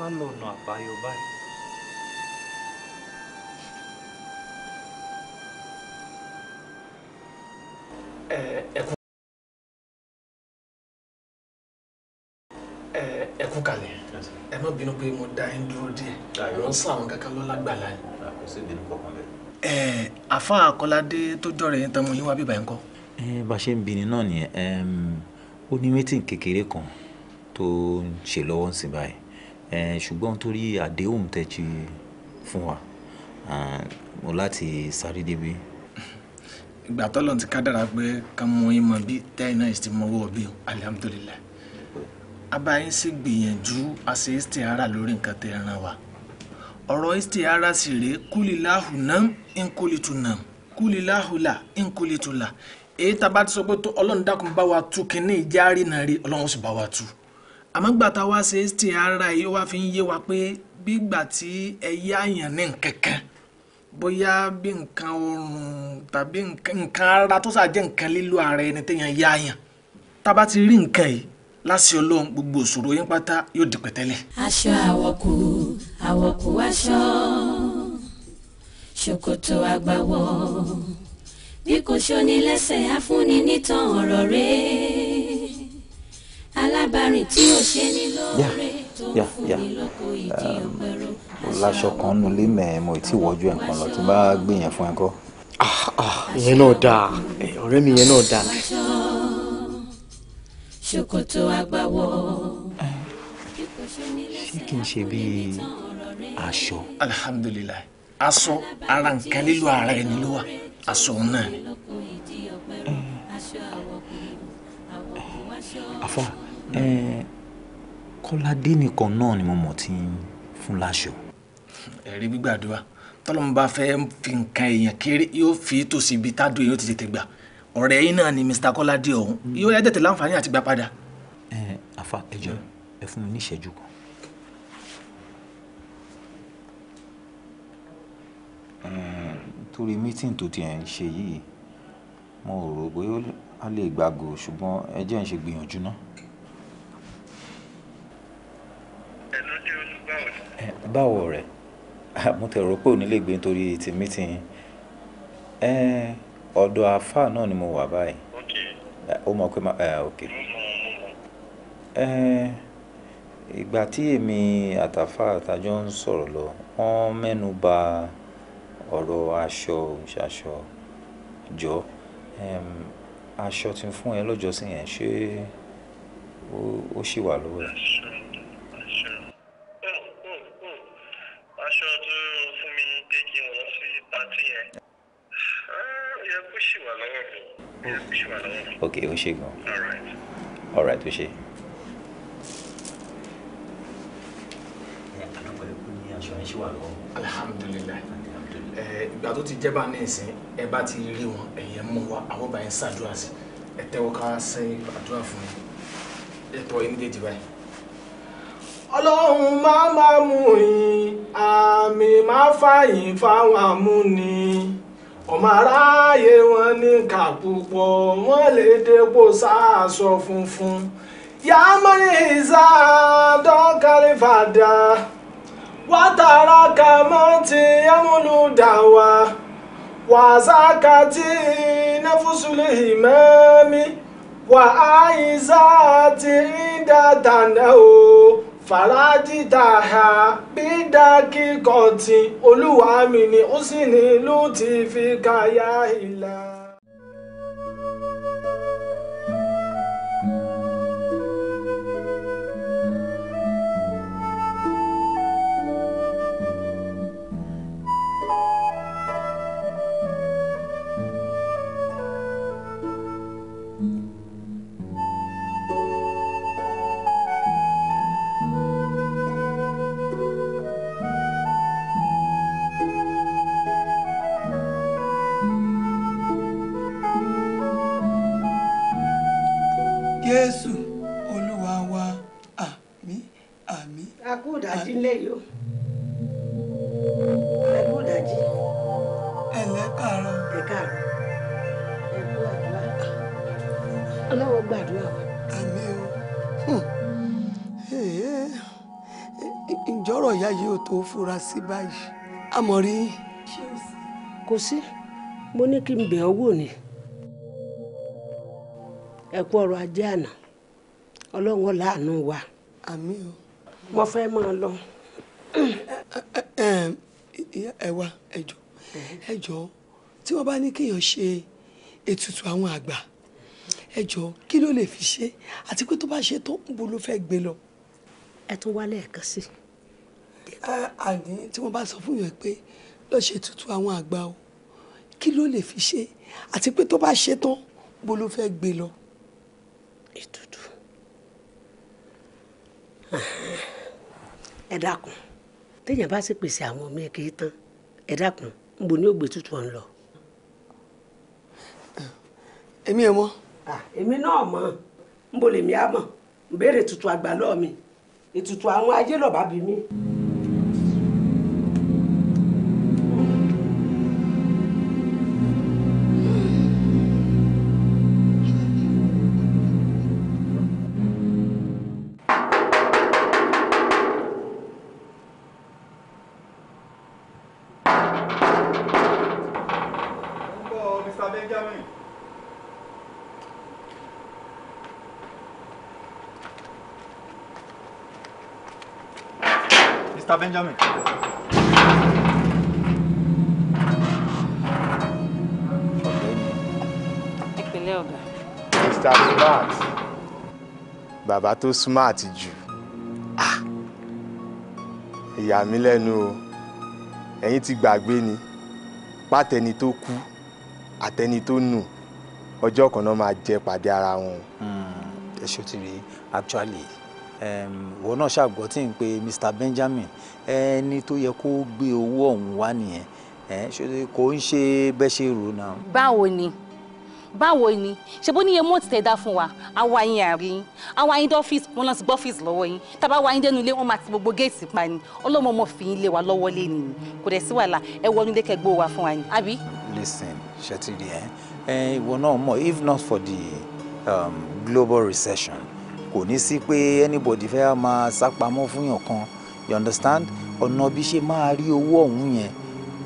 wá lọ́nà àbáyọ báyìí. ẹ kú kalẹ̀ ẹ má bínú pé mo dá yín dúró díẹ̀ mo ń sọ àwọn kankan lọ́la gbàlá ni. ẹ àfa àkọládé tó jọ̀rọ̀ yẹn tán mo yín wá bíbá yẹn kọ́. Eh, bá a ṣe ń bini náà nìyẹn ó ní mítìn kékeré kan tó ń ṣe lọ́wọ́ ń sìn báyìí ṣùgbọ́n torí àdéhùn tẹ́ ti fún wa mo láti sáré débi. ìgbà tọ́lọ̀ ti kádàrá pé ká mọ yín mọ bí tẹ́yìn náà ti mọ owó bí alihamudulilayi abáyín sì gbìyànjú àṣẹ istihara lórí nǹkan tẹ́ ẹran wa ọ̀rọ̀ istihara sì rèé kúlìláhù nam nkúlìtù nam kúlìláhù là nkúlìtù là èyí tá a bá ti sọ pé tó ọlọ́run dákun bá wa tú kínní ìjárí náà rí ọlọ́run sì bá wa tú àmọ́ gbà tá a wá ṣe istiara yìí wá fi ń yé wa pé bí gbà tí ẹyẹ àyàn ní nkankan bóyá bí nǹkan oorun tàbí nǹkan ara tó ṣàjẹ́ nǹkan lílo ara ẹni téèyàn yá àyàn tá a bá ti rí nǹkan yìí láti ọlọ́run gbogbo òṣòro yín pátá yóò di pẹ̀tẹ́lẹ̀. aṣọ àwọ̀kù àwọ̀kù aṣọ ṣòkòtò àgbàwọ̀ bí kò ṣoni afúnni nítàn ọ̀rọ̀ rẹ̀ alábàárìn tí ò ṣe ní lóore tó fún mi lóko ìdí um, ọ̀pẹ̀rọ. mo láṣọ kan nù lé mẹ́ẹ̀ mo ti wọ́jú ẹ̀ kan lọ tí bá gbìyàn fún ẹ kọ́. Ah, ah, ìyẹn náà dáa ọ̀rẹ́ mi ìyẹn náà dáa. ṣòkòtò àgbàwọ̀. ṣé kí n ṣe bíi aṣọ. alihamudulilayi aṣọ ara nǹkan lílo ara ẹni ló wà aṣọ náà ni. àfa kọ́ládé nìkan náà ni mo mọ̀ tí ń fún láṣọ. ẹ̀rí gbígbàdúrà tọ́lọ́mù bá fẹ́ fi nǹkan èèyàn kéré yóò fi tòsí ibi tádùn yóò ti tètè gbà ọ̀rẹ́ yín náà ni Mr. kọ́ládé ọ̀hún yóò yá tètè láǹfààní àti gbà padà. àfa ẹ ẹ fún mi ní ìṣẹ́jú kan. torí mítìn tó ti ẹ̀ ń ṣe yìí mo rò bóyá a lè gbàgò ṣùgbọ́n ẹ jẹ́ ń ṣe gbìyànjú ná. ẹnu ṣe olúbàwọ. báwo rẹ mo tẹ̀ rò pé ò ní lè gbé nítorí ti mítìn ọ̀dọ̀ àáfàá náà ni mo wà báyìí ó mọ̀ pé ok ìgbà tí èmi àtàfà àtàjọ ń sọ̀rọ̀ lọ wọ́n mẹ́nu bà ọ̀rọ̀ aṣọ ṣaṣọ jọ aṣọ tí n fún ẹ lọ́jọ́sí yẹn ṣé ó ṣì wà lọ́wọ́ ẹ. Oh, oh, oh. aṣọ tó fún mi pé kí n lọ sí pàtí yẹn ah, yẹ kó ṣì wà lọ́wọ́ mi ok ó ṣe gan. all right. ó ṣe. alhamdulilayi ìgbà tó ti jẹ́ bá ní ìsìn ẹ bá ti rí wọn ẹ̀yẹ mú wa àwọn bá yẹn ṣàdúrà sí ẹ tẹ́wọ́ ká ṣe àdúrà fún ẹ tọ́ ẹni déjì báyìí. ọlọ́run máa máa mú yín àmì máa fàyìn fáwọn amúni ọmọ aráàyè wọn ní kà púpọ̀ wọ́n lè dépò sáàsọ funfun yàmọ́ ìzà dọ́kàlífàdà. وترك موتي يمل دعوى وزكت نفس الهمام وعايزات عند تنو farajitaha bídákíkọtì olúwa mi ni ó sì ní ló ti fi ìlà. fura sí báyìí àmọ̀rí. kò sí mo ní kí n bẹ̀ ọ́ wò ni ẹ kú ọrọ̀ ajé àná ọlọ́run ọ̀la àánú wa. àmín o. mo fẹ́ máa lọ. ẹ wá ẹ jọ̀ọ́ ẹ tí wọ́n bá ní kéèyàn ṣe ètùtù àwọn àgbà ẹ kí ló lè fi ṣe àti pé tó bá ṣe tó ń bo ló gbé lọ. ẹ tún wálé ẹ̀kan sí i àní tí wọ́n bá sọ fún yàn pé lọ ṣe tutù àwọn àgbà o kí ló lè fi ṣe àti pé tó bá ṣe tán bó ló fẹ́ gbé lọ. ètùtù ẹ dákun téèyàn bá sì pèsè àwọn ọmọ ẹ kì í tán ẹ dákun níbo ni ó gbé tutù ọ̀hún lọ. èmi ẹ mọ̀. èmi náà mọ̀ níbo lèmi á mọ̀ béèrè tutù àgbà lọ́ọ̀ mi ètùtù àwọn ajé lọ́ba bí mi. Mm. Benjamin. Ẹ pẹ̀lẹ́ ọ̀gá. Mr. Smart, bàbá tó smart jù. Ah! Ìyà mi lẹ́nu o, ẹ̀yin ti gbàgbé ni, pátẹni tó kú, àtẹni tó nù, ọjọ́ kan náà máa jẹ pàdé ara wọn. Hmm. Ẹ ṣó ti rí actually ìwọ náà ṣàgbọ́ tí n pe Mr. Benjamin ẹni tó yẹ kó gbé owó ọ̀hún wá nìyẹn kò ń ṣe bẹ́ẹ̀ ṣe rò náà. báwo ni báwo ni ṣe bó níye mọ́ọ̀tì tẹ́ dá fún wa àwa yín àárín yín àwa yín dọ́fíìsì wọn lọ sí bọ́fíìsì lọ́wọ́ yín tábà wá yín dẹnu ilé wọn máa ti gbogbo géètì pa ni ọlọ́mọ ọmọ fi yín lé wa lọ́wọ́ lé nìyí kò dẹ̀ sí wàhálà ẹ wọnú ilé kẹgbó wa fún wa ni àbí. listen ṣètìlì ẹ ìwọ náà mọ if not for the um, global recession kò ní sí pé anybody fẹ́ máa sápamọ́ fún yàn kan you understand ọ̀nà bí ṣe máa rí owó ọ̀hún yẹn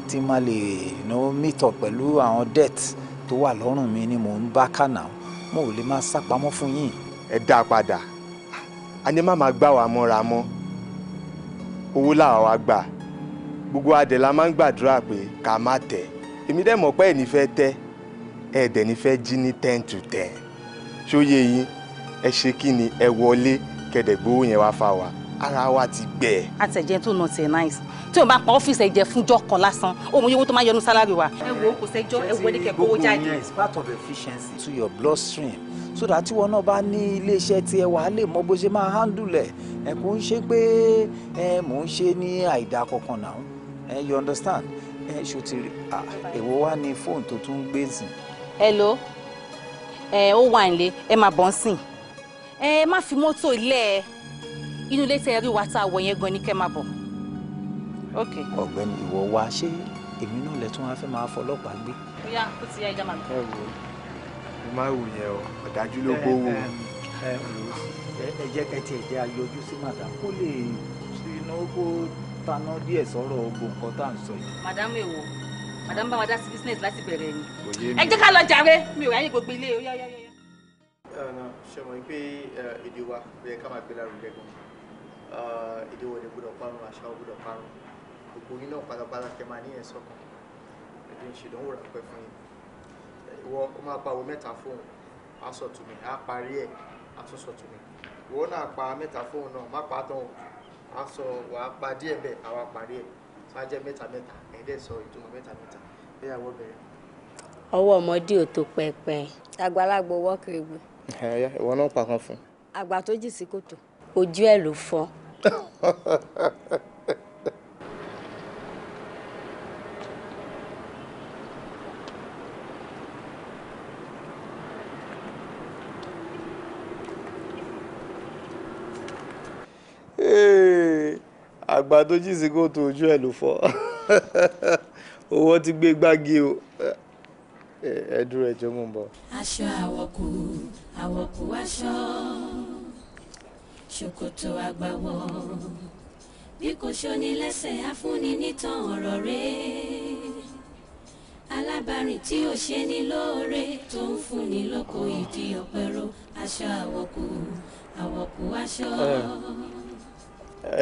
tí máa lè no meet up pẹ̀lú àwọn debt tó wà lọ́rùn mi ni mò ń bá kànà mo ò lè máa sápamọ́ fún yín. ẹ dá a padà a ní má máa gbá wa mọ́ra mọ́ owó làwa wa gbà gbogbo adẹ̀ la máa ń gbàdúrà pé ká má tẹ̀ èmi dẹ̀ mọ̀ pé ẹ̀ ní fẹ́ tẹ́ ẹ̀ dẹ̀ ní fẹ́ jí ní ten to ten ṣó yé yín ẹ ṣe kí ni ẹ wọlé kẹ̀dẹ̀gbówó yẹn wá fa wa ara wa ti gbẹ. àtẹ̀jẹ́ tó nà tẹ̀ náìsì tí o bá pa ọ́fíìsì ẹ̀jẹ̀ fúnjọ́ kan lásán òun yóò tó máa yọnu sálárì wa. ẹ wo kò sẹjọ ẹ wọlé kẹ jáde. it's part of efficiency to your bloodstream so that tiwọn náà bá ní iléeṣẹ́ tiẹ̀ wàá lè mọ bó ṣe máa handle ẹ̀ ẹ kò ń ṣe pé ẹ mò ń ṣe ní àìdá kankan náà you understand ẹ ṣò ti rí èwo wá ní fóònù tó tún gbé sìn. hello ẹ ó wà nílé ẹ máa bọ́ ń sìn ẹ má fi mọ́tò ilẹ̀ ẹ inú ilé tẹ ẹ rí wa tá a wọ̀ yẹn gan ni kẹ́ máa bọ̀. ọ̀gbẹ́ni ìwọ wa ṣé èmi náà lẹ tún wá fẹ́ máa fọlọ́pàá gbé. bóyá ó ti yá ẹja màgbé. ẹ wò ó má wù yẹn o ọ̀dájú ló gbówó. ẹ jẹ́ kẹ́ tiẹ̀ jẹ́ ayọjú sí màdà kó lè ṣínú kó taná díẹ̀ sọ̀rọ̀ ogun nǹkan tá à ń sọ yìí. màdámù èwo màdámù bá wa dá sí bísínẹ̀sì láti bẹ̀rẹ̀ ni. ẹ jẹ́ ká lọ jàre mi ò ráyè gbogbo ilé o yá yá yá ṣọmọ pé eh, èdè wa bẹ́ẹ̀ ká máa gbé lárugẹ gan eh, èdè wo ni gbọ́dọ̀ parun àṣà wo gbọ́dọ̀ parun gbogbo yín náà pátápátá kẹ máa ní ẹ̀sọ́ kan èdè ìṣèdánwò ráńpẹ́ fún yín ìwọ ó máa pa owó mẹ́ta fóun á sọ tù mí á parí ẹ̀ á tún sọ tù mí ìwọ náà pa mẹ́ta fóun náà má pa tán o á sọ wà á pa díẹ̀ bẹ́ẹ̀ á wà parí ẹ̀ tó á jẹ́ mẹ́ta mẹ́ta ẹ̀ẹ́dẹ̀ sọ ìtumọ̀ mẹ́ta mẹ́ta bẹ́ẹ̀ àwọ̀ bẹ̀rẹ̀. ọwọ́ ọmọdé ò tó pẹpẹ àgbàlagbà wọ́kìrìgbò ẹyà ìwọ náà pa kan fún. àgbà tó jì sí kòtò ojú ẹ̀ ló fọ́. àgbà tó jì sí kòtò ojú ẹ̀ ló fọ́ owó ti gbé gbági o ẹ dúró ẹjọ́ mò ń bọ̀. aṣọ àwọ̀kù àwọ̀kù aṣọ ṣòkòtò àgbàwọ̀ bí kò ṣoni lẹ́sẹ̀ afúnni nítàn ọ̀rọ̀ rẹ̀ alábàárìn tí ò ṣe ní lóore tó ń fúnni lóko ìdí ọ̀pẹ̀rọ aṣọ àwọ̀kù àwọ̀kù aṣọ.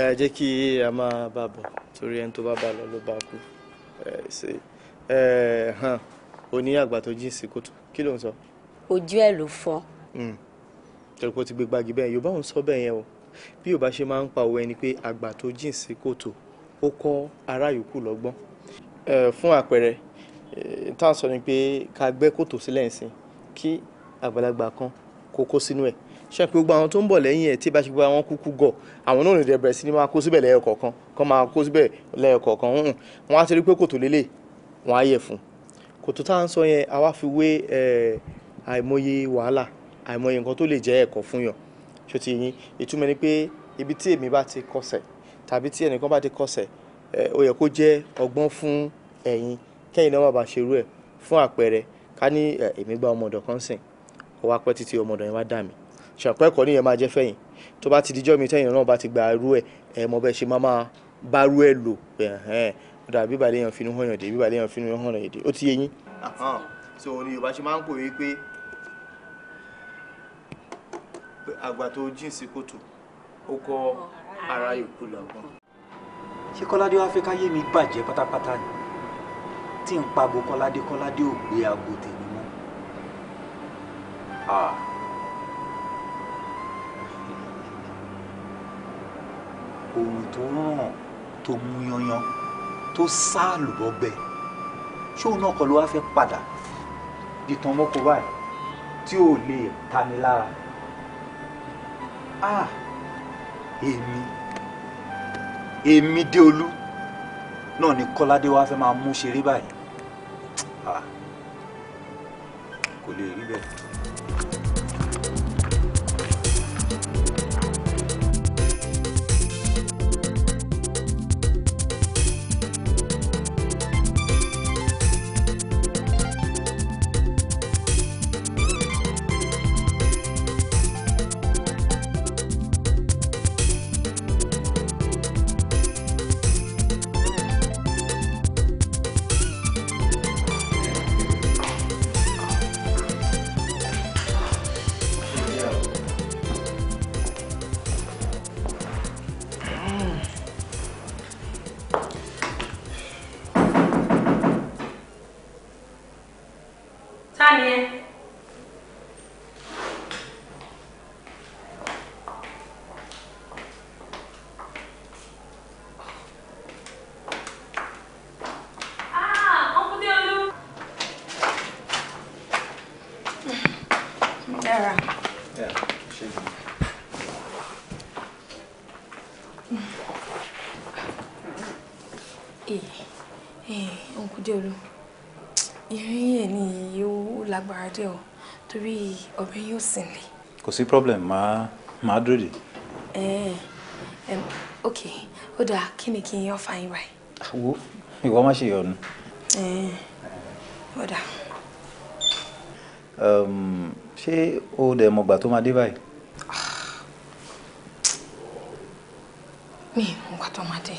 ẹ jẹ́ kí a máa bá bọ̀ torí ẹni tó bá bá lọ ló bá kú ẹ ṣe ẹ hàn oní àgbà tó jí sí kòtò kí ló ń sọ. ojú ẹ ló fọ. tẹ̀lé kó ti gbé gbági bẹ́ẹ̀ yorùbá òun sọ bẹ́ẹ̀ yẹn o bí yorùbá ṣe máa ń pa òwe ẹni pé àgbà tó jí sí kòtò ó kọ́ ará yòókù lọ́gbọ́n. fún àpẹẹrẹ táwọn eh, sọ ni pé ká gbẹ́ kòtò sílẹ̀ ńsìn kí àgbàlagbà kan kó kó sínú ẹ̀ ṣe pé gbogbo àwọn tó ń bọ̀ lẹ́yìn ẹ̀ tí bá ṣe gbogbo àwọn kúkú gọ̀ àwọn náà nìjẹ́ bẹ̀rẹ̀ sí ni máa kó síbẹ̀ lẹ́yọ̀kọ̀ọ̀kan kọ́ máa kó síbẹ̀ lẹ́yọ̀kọ̀ọ̀kan wọ́n á ti rí pé kòtò lélẹ̀ wọ́n á yẹ̀ fún un kòtò tá à ń sọ yẹn a wá fi wé àìmọye wàhálà àìmọye nǹkan tó lè jẹ́ ẹ̀kọ́ fún yàn ṣó ti yín ìtumọ̀ ni pé ibi tí èmi bá ti kọsẹ̀ tàbí tí ẹnìkan bá ti kọsẹ̀ ó yẹ kó jẹ́ ọgbọ́n fún ẹ̀yin kẹ́yìn náà má bàa ṣerú ẹ̀ fún àpẹẹrẹ ká ní èmi gba ọmọdọ̀ kan sìn ó wá pẹ́ títí ọmọdọ̀ yẹn wá dà mí ṣàpẹ́ ẹ̀kọ́ níyẹn máa jẹ́ fẹ̀yìn tó bá ti dijọ́ mi tẹ́yìn náà bá ti gba irú ẹ̀ ẹ̀ mọ bẹ́ẹ̀ ṣe máa bá irú ẹ̀ lò ó dà bíbà léèyàn finú hàn yàn dé bíbà léèyàn finú hàn yàn dé ó ti yé yín. so òun ni yorùbá ṣe máa ń pòwe pé àgbà tó jìn sí kòtò ó kọ ara ìkú lọ́gbọ́n. ṣé kọ́ládé wàá fẹ́ ká yé mi bàjẹ́ pátápátá ni tí n pagbo kọ́ládé kọ́ládé ò gbé aago tèmi mọ́. Ah. oòrùn tó ràn tó mú yanyan tó sá lùbọ́gbẹ ṣóun náà kọ́ ló wá fẹ́ padà dìtàn mọ́kọ báyìí tí ò lè tani lára ah èmi èmi déolú náà ni kọ́ládé wá fẹ́ máa mú ṣeré báyìí ah kò lè rí bẹ́ẹ̀. pàdé ọ torí ọ̀bẹ yóò sìn lè. kò sí problem màá màá dúró dè. ok ó dáa kí ni kí n yọ fàyín báyìí. àwo ah, ìwọ má ṣe yọnu. ó dáa. ṣé o dẹ̀ mọ̀gbà tó máa dé báyìí. mi mọ̀gbà tó máa dé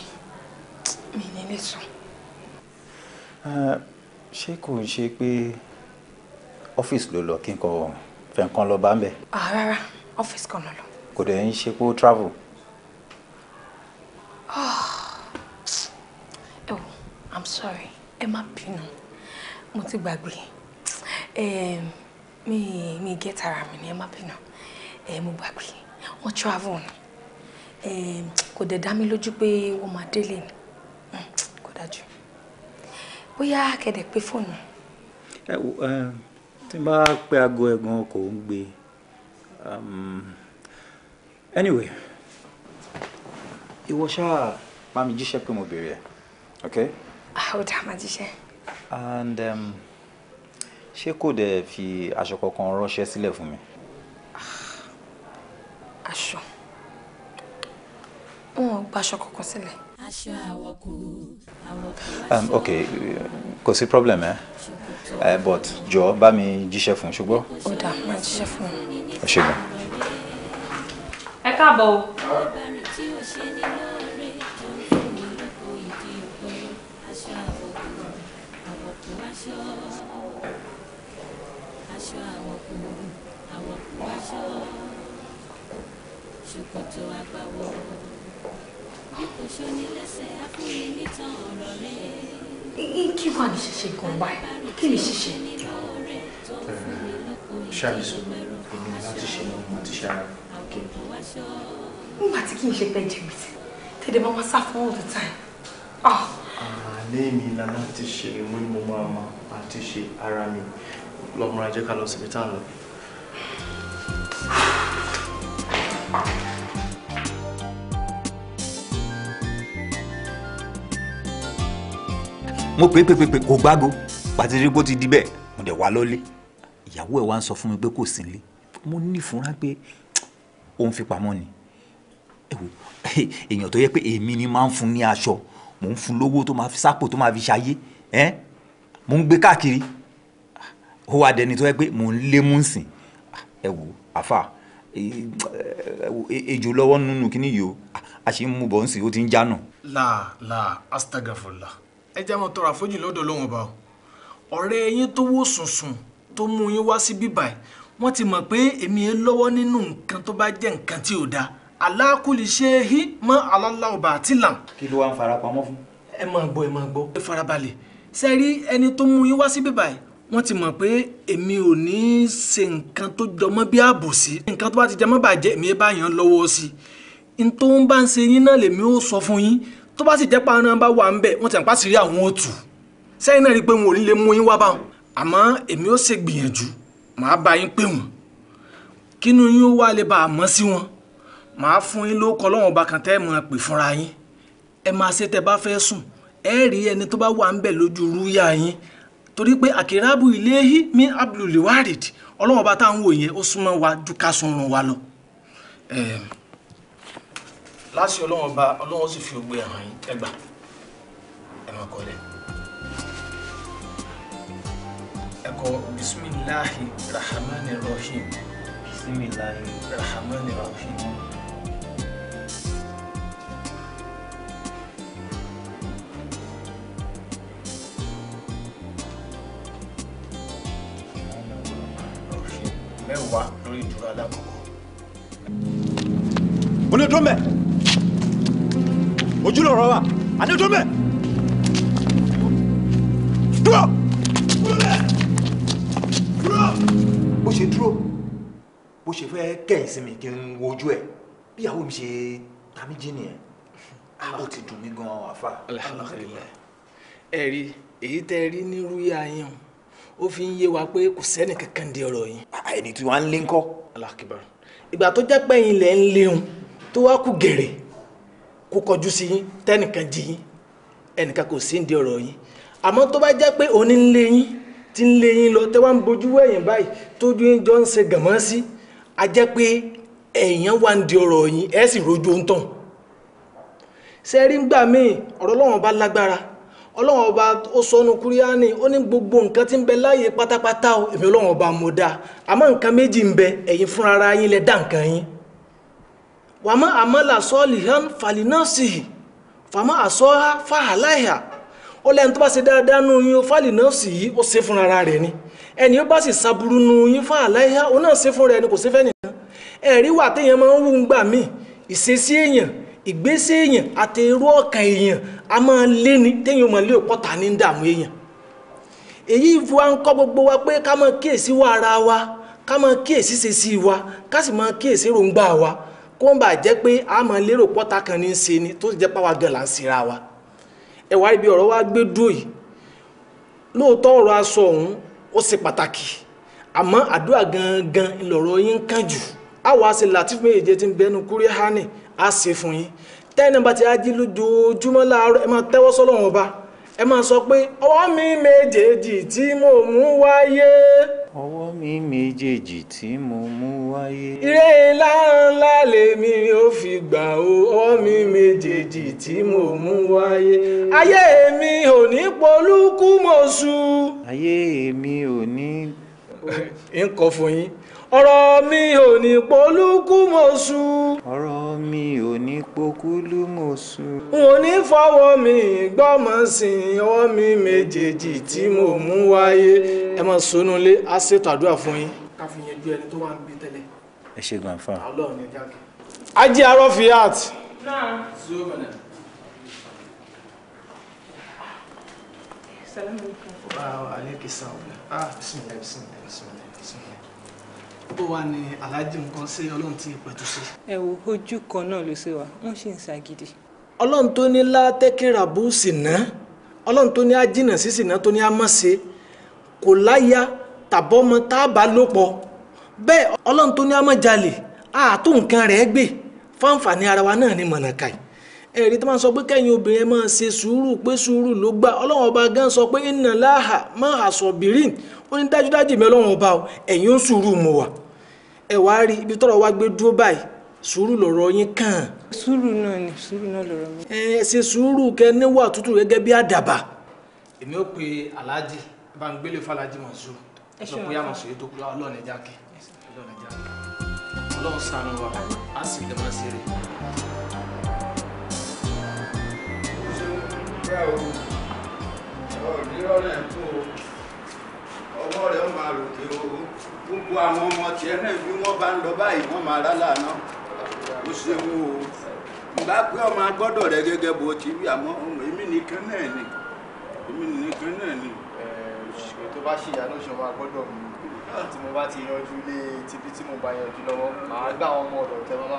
mi nílé sùn. Eh, ṣé kò ń ṣe pé ọ́fíìsì ló lọ kí n kàn fẹ́ nǹkan lọ bá ń bẹ̀. rárá ọ́fíìsì kan ló lọ. kò dẹ̀ ń ṣe kó travel. ẹ ah. wò oh, i'm sorry ẹ má bínú mo ti gbàgbé mi mi get ara mi ni ẹ má bínú mo gbàgbé wọ́n travel ni kò dẹ̀ dá mi lójú pé wọ́n máa délé ni hmm, kò dájú bóyá kẹ̀dẹ̀ pé fóònù tí n bá pẹ́ aago ẹ̀gbọ́n kò ń gbé um, anyway ìwọ ṣáà bá mi jíṣẹ́ pé mo béèrè ẹ̀ ok. Ah, ó dá máa jíṣẹ́. and um, ṣé kò dẹ̀ fi aṣọ kankan ránṣẹ́ sílẹ̀ fún mi. Ah, aṣọ wọn ò gbaṣọ kankan sílẹ̀ aṣọ àwọ̀kù àwọ̀kù ok kò sí problem ẹ eh? uh, but jọ bá mi jíṣẹ́ fún ṣùgbọ́n. ó dà máa jíṣẹ́ fún un. ẹ ṣègùn. ẹ káàbọ̀ o. Ṣòkòtò àgbàwọ̀ kí wà ní ṣíṣe nǹkan báyìí kí ni ṣíṣe. ṣàbíso èmi láti ṣe ọmọ àti ṣe ara nígbà tí kì í ṣe pé jìbìtì tẹ̀lé máa sá fún all the time. àlẹ́ mi la láti ṣe ìwé mo máa ma àti ṣe ara mi lọ́mọ ajé lọ síbi tá à lọ. Thank you. mo pè é pè pè pè kò gbágo pàtẹ́rẹ́ bó ti di bẹ́ẹ̀ mo dẹ̀ wá lọ́lé ìyàwó ẹ̀ wá ń sọ fún mi pé kò sí nílé mo ní ìfúnra pé òun fi pamọ́ ni èèyàn tó yẹ pé èmi ni máa ń fún ní aṣọ mò ń fún lówó tó máa fi sápò tó máa fi ṣayé mò ń gbé káàkiri ó wá dẹni tó yẹ pé mò ń lé mú sìn ẹ wò àfà e, ejò lọ́wọ́ nínú kíní yìí o a sì ń mú bọ́ ó ti ń jánà. láà láà astagafurullah ẹ jẹ́ mọ́ tọrọ àfojú lọ́dọ̀ lọ́wọ́n bá ọ̀rẹ́ yín tó wò sùnsùn tó mú yín wá sí bíbà wọ́n ti mọ̀ pé èmi ń lọ́wọ́ nínú nǹkan tó bá jẹ́ nǹkan tí ò dáa aláàkúlì ṣe é hí mọ́ alálàọ̀bà àti làm. kí ló wá ń farapamọ́ fún. ẹ máa gbọ́ ẹ máa gbọ́ ẹ farabalẹ̀ ṣe rí ẹni tó mú yín wá sí bíbà yìí wọ́n ti mọ̀ pé èmi ò ní í ṣe nǹkan tó jọmọ́ bí àbòsí nǹkan tó bá ti jẹmọ́ bàjẹ́ èmi bá yàn lọ́wọ́ sí i n tó ń bá ń ṣe yín náà lèmi ó sọ fún yín tó bá sì jẹ́ pa aran bá wà ń bẹ̀ wọ́n ti ń pàṣírí àwọn òtù sẹ́yìn náà rí i pé wọn ò ní lè mú yín wá báwọn àmọ́ èmi ó ṣe gbìyànjú màá bá yín pè wọ́n kínú yín ó wá lè bá a sí wọn màá fún yín lóko lọ́wọ́n ọba kan tẹ́ ẹ̀ máa pè fúnra yín ẹ máa ṣe tẹ́ bá fẹ́ sùn ẹ rí ẹni tó bá wà ń bẹ̀ lójú rúyà yín torí pé àkèrábù ilé yìí mi abdulwarid ọlọ́wọ́n ọba táwọn wò yẹn ó súnmọ́ wa ju sunrun wa lọ. Eh, láti ọlọ́wọ́n ọba ọlọ́wọ́n sì fi ògbé hàn yín ẹgbà ẹ kọ́ ilé. ẹ bisimilahi rahman rahim. bisimilahi rahman rahim. mẹ́wàá lórí ìdúró alákọ̀ọ́kọ́. olùdó mẹ́ ojú wa àdéjọ́ mẹ́ dúró dúró mẹ́ dúró. bó ṣe dúró bó ṣe fẹ́ kẹ́yìn sí kí n wojú ẹ̀ bí ìyàwó mi ṣe ta jí nìyẹn ah, ó ti dùn mí gan àfa. alhamdulilayi ẹ rí èyí rí ní rúyà yín ó fi ń yé wa pé kò sẹ́ni kankan di ọ̀rọ̀ yín. Ah, ah, ẹni tí wàá ń lé ńkọ́. ìgbà tó jẹ́ pẹ́yìn lẹ́ ń léun tó wá kú gẹ̀rẹ́ kó kọjú sí yín tẹ́nìkan jí yín ẹnìkan kò sí ìdí ọ̀rọ̀ yín àmọ́ tó bá jẹ́ pé òní ń lé yín ti ń lé yín lọ tẹ́ wá ń bojú wẹ̀yìn báyìí tójú yín jọ ń ṣe gànmọ́ sí a jẹ́ pé èèyàn wá ń di ọ̀rọ̀ yín ẹ sì rojú ń tàn ṣe ń gbà míì ọ̀rọ̀ Ọlọ́run bá lágbára Ọlọ́run ọba ó sọnù kúríánì ó ní gbogbo nǹkan tí ń bẹ láàyè pátápátá o èmi Ọlọ́run ọba mo dáa àmọ́ nǹkan méjì ń bẹ ẹ̀yin fúnra ara yín lẹ dá nǹkan yín wàmọ́ àmọ́là sọ́ọ̀lì hàn fàlínàṣì fàmọ́ àsọ́há fàhàláìhà ó lẹ́nu tó bá ṣe dáadáa nù yín fàlínàṣì yìí ó ṣe fún ara rẹ̀ ni ẹni ó bá sì ṣàbùrù nù yín fàhàláìhà ó náà ṣe fún rẹ̀ ni kò ṣe fẹ́ nìkan ẹ̀rí wà téèyàn máa ń wù ń gbà míì ìṣesí èèyàn ìgbésẹ̀ èèyàn àti irú ọkàn èèyàn a máa lé ni téèyàn máa lé òpọ́ta ní dààmú èèyàn èyí wa ń kọ́ gbogbo wa pé ká máa kíyèsí wa ara wa ká máa kíyèsí ṣe wa ká sì máa kíyèsí èròǹgbà wa kó ń bà jẹ́ pé a máa lérò pọ́ta kan ní í ṣe ni tó jẹ́ pàwọ́ gan là ń ṣera wa ẹ ibi ọ̀rọ̀ wa gbé dúró lóòótọ́ ọ̀rọ̀ aṣọ ọ̀hún ó ṣe pàtàkì àmọ́ àdúrà gangan lọ̀rọ̀ yín kàn jù á wàá ṣe latif méje tí ń bẹnu kúrẹ́ hánì á ṣe fún yín tẹ́ni bá ti ají lójoojúmọ́ láàárọ̀ ẹ máa tẹ́wọ́ sọ́lọ́run ọba ẹ máa sọ pé ọwọ́ mi méjèèjì tí mo mú wáyé ọwọ́ mi méjèèjì tí mo mú wáyé. ire ńláńlá lèmi ò fi gbà ó ọwọ́ mi méjèèjì tí mo mú wáyé. ayé mi ò ní polúkúmọ̀ṣù. ayé mi ò ní. ń kọ fún yín ọ̀rọ̀ mi ò ní polúkú mọ̀ṣú. ọ̀rọ̀ mi ò ní pokúlú mọ̀ṣú. n ò ní fọwọ́ mi gbọ́mọ̀sìn ọwọ́ mi méjèèjì tí mo mú wáyé. ẹ máa sọnù lé a ṣètò àdúrà fún yín. ká fi yanjú ẹni tó wà ń bí tẹ́lẹ̀. ẹ ṣe gbọ̀n fún wa. ọlọ́run ní jáde. ajé arọ fiat. náà. zoro mọ̀nà. salamu alaykum. wa alaykum salaam. ah bisimilayi bisimilayi bisimilayi bó wá ní aláàjì nǹkan ṣe ọlọ́run ti pẹ̀tù sí. ẹ wo ojú kan náà ló ṣe wá wọn sì ń ṣàgídí. ọlọ́run tó ní látẹ́kẹ́rà bó sì ná ọlọ́run tó ní ájínà sí sì ná tó ní á mọ̀ ṣe kò láya tàbọ́mọ tá a bá lò pọ̀ bẹ́ẹ̀ ọlọ́run tó ní á mọ̀ jalè àtó nǹkan rẹ̀ gbé fáǹfààní ara wa náà ni mọ̀nàkà yìí ẹ̀rí tó máa sọ pé kẹ́yìn obìnrin ẹ máa ṣe sùúrù pé sùúrù ló gbà ọlọ́run ọba gan sọ pé iná láhà máa àṣọ bìrìn ó ní dájúdájú mi ọlọ́run ọba ẹ̀yin ó sùúrù mo wà ẹ wá rí ibi tọ́rọ̀ wá gbé dúró báyìí sùúrù lọ̀rọ̀ yín kàn. sùúrù náà ni sùúrù náà lọ̀rọ̀ mi. ẹ ṣe sùúrù kẹ níwà tútù gẹ́gẹ́ bí àdàbà. èmi ò pe aláàjì bá ń gbélé fàlájì mọ̀sùn sọ pé àmọ̀sùn yìí tó kú ọlọ́ọ̀nì jákè ọlọ́ọ̀nì jákè ọlọ́run ṣàánú wa á sì lè máa ṣeré. ṣé o ò ní rọrùn ẹ̀ fún o. ọwọ́ rẹ̀ ó máa ròkè owó gbogbo àwọn ọmọ tiẹ̀ náà bí wọ́n bá ń lọ báyìí wọ́n máa rálànà ó o ìgbà pé ọmọ agbọ́dọ̀ rẹ gẹ́gẹ́ bó ti rí àmọ́ èmi nìkan náà ni èmi nìkan náà ni. ẹ tó bá ṣìyà ló tí mo bá ti yanjú lé tibí tí mo bá yanjú lọ́wọ́ màá gbà àwọn ọmọ ọ̀dọ̀ tẹ́ bá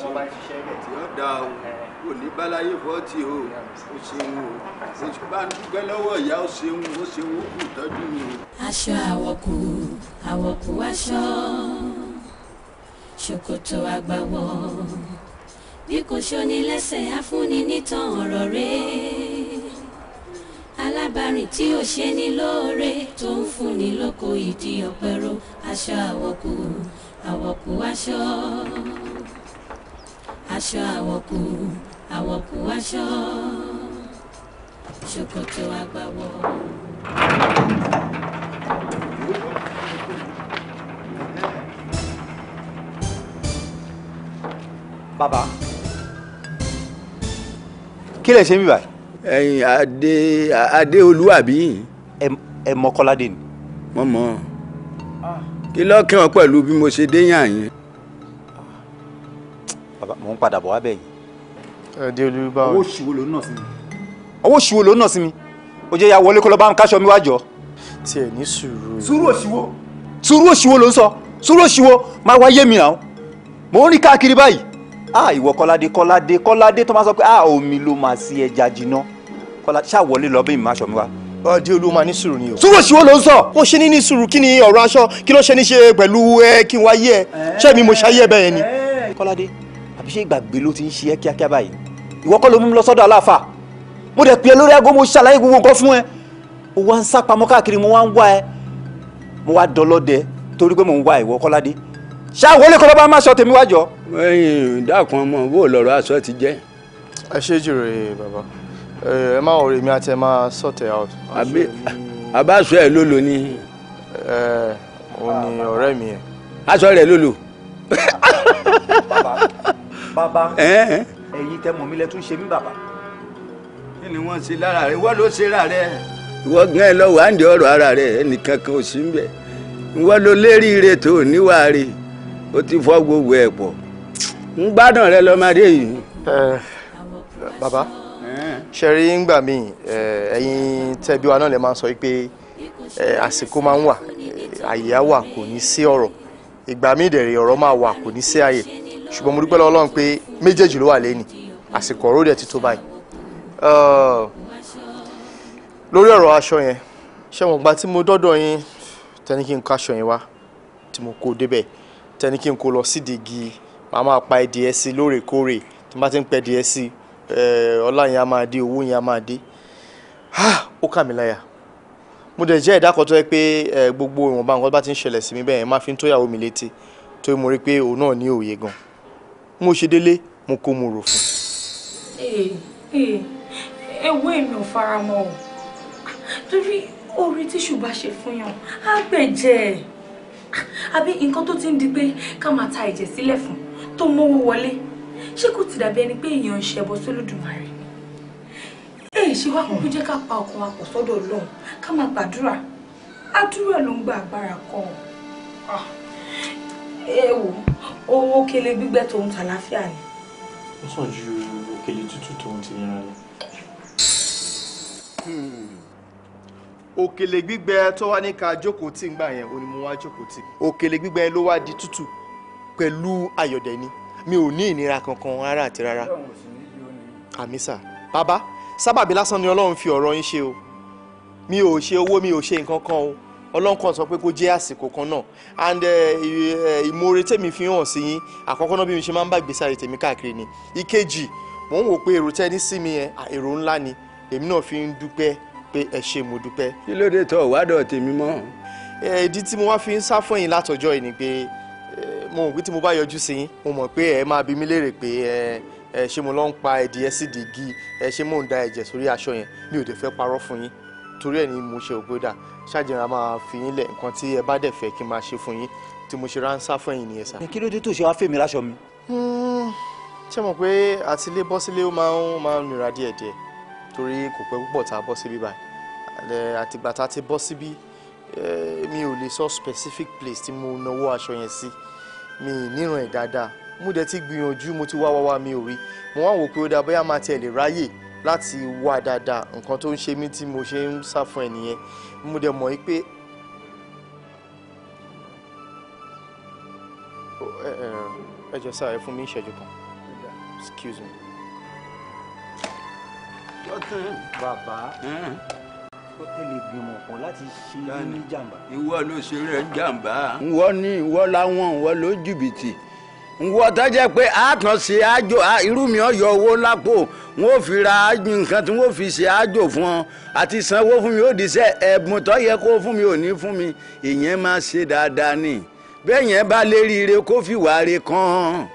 tó bá ń ṣiṣẹ́ rẹ̀. tí ó da o kò ní báláyé fọ́ọ̀tì o ó ṣeun o ó bá ń dúpẹ́ lọ́wọ́ ìyá ó ṣeun ó ṣeun ó kù tọ́jú mi. aṣọ àwọ̀kù àwọ̀kù aṣọ ṣòkòtò àgbàwọ̀ bí kò ṣoni afúnni nítàn ọ̀rọ̀ rẹ̀ alábàárìn tí ò ṣe ní lóore tó ń fúnni lóko ìdí ọ̀pẹ̀rọ aṣọ àwọ̀kù àwọ̀kù aṣọ aṣọ àwọ̀kù àwọ̀kù aṣọ ṣòkòtò àgbàwọ̀. bàbá kí lè ṣe mí báyìí ẹyin Ade adé olúwàbí. ẹ mọ kọ́ládé ni. mo mọ kí lọ́kàn pẹ̀lú bí mo ṣe déyàn yín. bàbá mò ń padà bọ̀ wá bẹ̀ yìí. adé olúbá owó ṣùwò ló ń nà sí mi. owó ṣùwò ló ń nà sí mi o jẹ́ ya wọlé kó lọ bá ń káṣọ mi wájọ. tiẹ̀ ní sùúrù. sùúrù òṣìwò. sùúrù òṣìwò ló ń sọ sùúrù òṣìwò máa wáyé mi náà mò ń rí káàkiri báyìí ah ìwọ kọ́ládé kọ́ládé kọ́ládé tó máa sọ pé ah omi ló máa sí ẹja jìnnà kọ́ládé ṣàwọlé lọ bí ìmọ̀ aṣọ mi wá ọdí olú ma ní sùúrù ni o. sùúrù òṣìwò ló ń sọ. mo ṣe ní ní sùúrù kí ni ọ̀rọ̀ aṣọ kí ló ṣe ní ṣe pẹ̀lú ẹ kí n wá yé ẹ ṣé mi mo ṣayé bẹ́ẹ̀ ni. kọ́ládé àbí ṣé ìgbàgbé ló ti ń ṣe ẹ́ kíákíá báyìí ìwọ kọ́ ló mú mi lọ sọ́dọ̀ aláàfà mo dẹ̀ pè é lórí aago mo ṣàlàyé gbogbo nǹkan fún ẹ o wá ń sá ṣáà wọlé kọ́ bá má sọ tèmi wájọ. dákun ọmọ bó lọ̀rọ̀ aṣọ ti jẹ́. ẹ ṣe jùrè bàbá ẹ má wọrí mi àti ẹ máa sort out. àbí ẹ ló lò ẹ ò ní ọ̀rẹ́ mi yẹn. aṣọ rẹ ló bàbá bàbá ẹ̀yin tẹ́ mi lẹ tún ṣe mí bàbá. kí ni wọ́n ṣe lára rẹ wọ́n ló ṣe ra rẹ. ìwọ gan ẹ lọ wà ń di ọ̀rọ̀ ara rẹ ẹnìkan kan ò sí ń bẹ ìwọ ló lérí ire tó níwàá rè ó ti fọ́ gbogbo ẹ̀ pọ̀ ń gbádùn rẹ lọ́mọdé yìí. bàbá ṣe rí ngbà míì ẹ̀yin tẹ́bí wa náà lè máa sọ pé àsìkò máa ń wà àyè á wà kò ní sí ọ̀rọ̀ ìgbà míì dẹ̀rẹ̀ ọ̀rọ̀ máa wà kò ní sí àyè ṣùgbọ́n mo dúpẹ́ lọ́wọ́ Ọlọ́run pé méjèèjì ló wà lẹ́nìí àsìkò ọ̀rọ̀ dẹ̀ ti tó báyìí lórí ọ̀rọ̀ aṣọ yẹn ṣé wọn gbà tí mo dọ́dọ̀ yín tẹ́ni kí n kó aṣọ yẹn wá tí mo kó débẹ̀ tẹni kí n kó lọ sídìí igi màá máa pa ẹdìẹ sí lóòrèkóòrè tí n bá ti ń pẹ ẹdìẹ sí ọlá yẹn á máa dé owó yẹn á máa dé ah, ó kà mí láyà mo dẹ̀ jẹ́ ẹ̀dá kan tó yẹ pé gbogbo ìwọ̀nba nǹkan bá ti ń ṣẹlẹ̀ sí mi bẹ́ẹ̀ máa fi ń tóyàwó mi létí torí mo rí i pé òun náà ní òye gan mo ṣe délé mo kó mo rò fún. Eh, eh, ewu èmi ò fara mọ́ o torí orí tíṣù bá ṣe fún yàn á gbẹ̀jẹ̀ ẹ̀ àbí nǹkan tó ti ń di pé ká máa ta ẹ̀jẹ̀ sílẹ̀ fún tó mówó wọlé ṣé kò ti dàbí ẹni pé èèyàn ń ṣẹbọ sólódùmarè ni ẹ ṣe wá kúkú jẹ́ ká pa ọkàn wa pọ̀ sọ́dọ̀ Ọlọ́run ká máa gbàdúrà àdúrà ló ń gba agbára kan ah, ẹ wò owó kele gbígbẹ tòun tàlàáfíà ni. ó sàn ju òkèlè tútù tòun ti nira lọ. Hmm òkèlè gbígbẹ tó wá ní ká jókòó tì ńgbà yẹn òní mo wá jókòó tì òkèlè gbígbẹ ló wá di tútù pẹ̀lú ayọ̀dẹ̀ni mi ò ní ìnira kankan rárá àti rárá àmì sà bàbá sábàbí lásán ni ọlọ́run fi ọ̀rọ̀ yín ṣe o mi ò ṣe owó mi ò ṣe nǹkan kan o ọlọ́run kan sọ pé kó jẹ́ àsìkò kan náà and eh, eh, ìmoore tèmi fi hàn sí yín àkọ́kọ́ náà bí mi ṣe máa ń bá ìgbésí ayé tèmi káàkiri ni ìkejì mò ń wò pé èrò tẹ́ ní sí mi yẹn èrò ńlá ni èmi náà fi ń dúpẹ́ pé ẹ ṣe mo dúpẹ́. kí ló dé tọ wádọ tèmi mọ. ìdí tí mo wá fi ń sá fún yín látọjọ́ yìí ni pé mo mọ̀ pé tí mo bá yọjú sí yín mo mọ̀ pé ẹ máa bi mí léèrè pé ẹ ṣe mo lọ ń pa ẹdìyẹ sídìí gí ẹ ṣe mò ń da ẹ̀jẹ̀ sórí aṣọ yẹn mi ò dẹ̀ fẹ́ parọ́ fún yín torí ẹ̀ ni mo ṣe ògbódà ṣáàjìnrán máa fi yín lẹ̀ nǹkan tí ẹ bá dẹ̀ fẹ́ kí n máa ṣe fún yín tí mo ṣe ránṣá fún yín nìyẹn sá. kí ló dé tó ṣe wá fèmí láṣọ mi. Hmm, ṣé mo pé àtilé bọ́sílé ó máa ń nira díẹ̀díẹ̀ torí kò pẹ́ púpọ̀ tá a bọ́ síbí báyìí àtìgbà tá a ti bọ́ síbí mi ò lè sọ specific place tí mo náwó aṣọ yẹn sí mi níran ẹ̀ dáadáa mo dẹ̀ ti gbìyànjú mo ti wá wá wá mi ò rí mo wá wò pé ó dáa bóyá máa tiẹ̀ lè ráyè láti wá dáadáa nǹkan tó ń ṣe mí tí mo ṣe ń sá fún ẹ mo dẹ̀ mọ̀ pé ẹ jọ sáré fún mi ìṣẹ́jú kan excuse me sọ́tàn. bàbá ó tẹ̀lé gbìmọ̀ pọ̀ láti ṣe ní jàǹbá. ìwọ ló ṣe rẹ̀ ń jàǹbá. ìwọ ni ìwọ láwọn ìwọ ló jìbìtì ìwọ tó jẹ́ pé àtàn ṣe àjò irú mi ọ̀yọ́ owó lápò n ó fi ra nǹkan tí n ó fi ṣe àjò fún ọ àti sanwó fún mi ó di sẹ́ ẹ̀bùn tó yẹ kó fún mi ò ní fún mi ìyẹn máa ṣe dáadáa ni bẹ́ẹ̀ yẹn bá léríire kó fìwà re kàn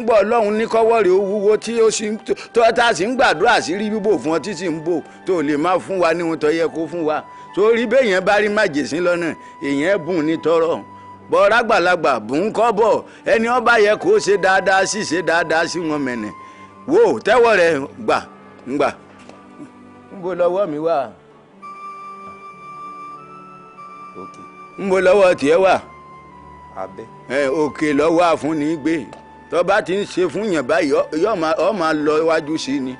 ngbọ́ ọlọ́run ní kọ́wọ́ rẹ̀ ó wúwo tí ó sì tó tá a sì ń gbàdúrà sí rí bíbò fún ọ tí sì ń bò tó lè má fún wa ní ohun tó yẹ kó fún wa torí béèyàn bá rí májèsín lọ́nà èèyàn bùn ní tọrọ bọ́ọ̀rá gbàlagbà bùn kọ́ bọ̀ ẹni ọba yẹ kó ṣe dáadáa sí ṣe dáadáa sí wọn mẹ̀nẹ̀ wò tẹ́wọ́ rẹ̀ gbà gbà nbo lọ́wọ́ mi wà nbo lọ́wọ́ tiẹ̀ wà abẹ́ ẹ òkè lọ́wọ́ àfúnni gbé tó bá ti ń ṣe fún yàn báyìí ọ máa lọ iwájú sí ni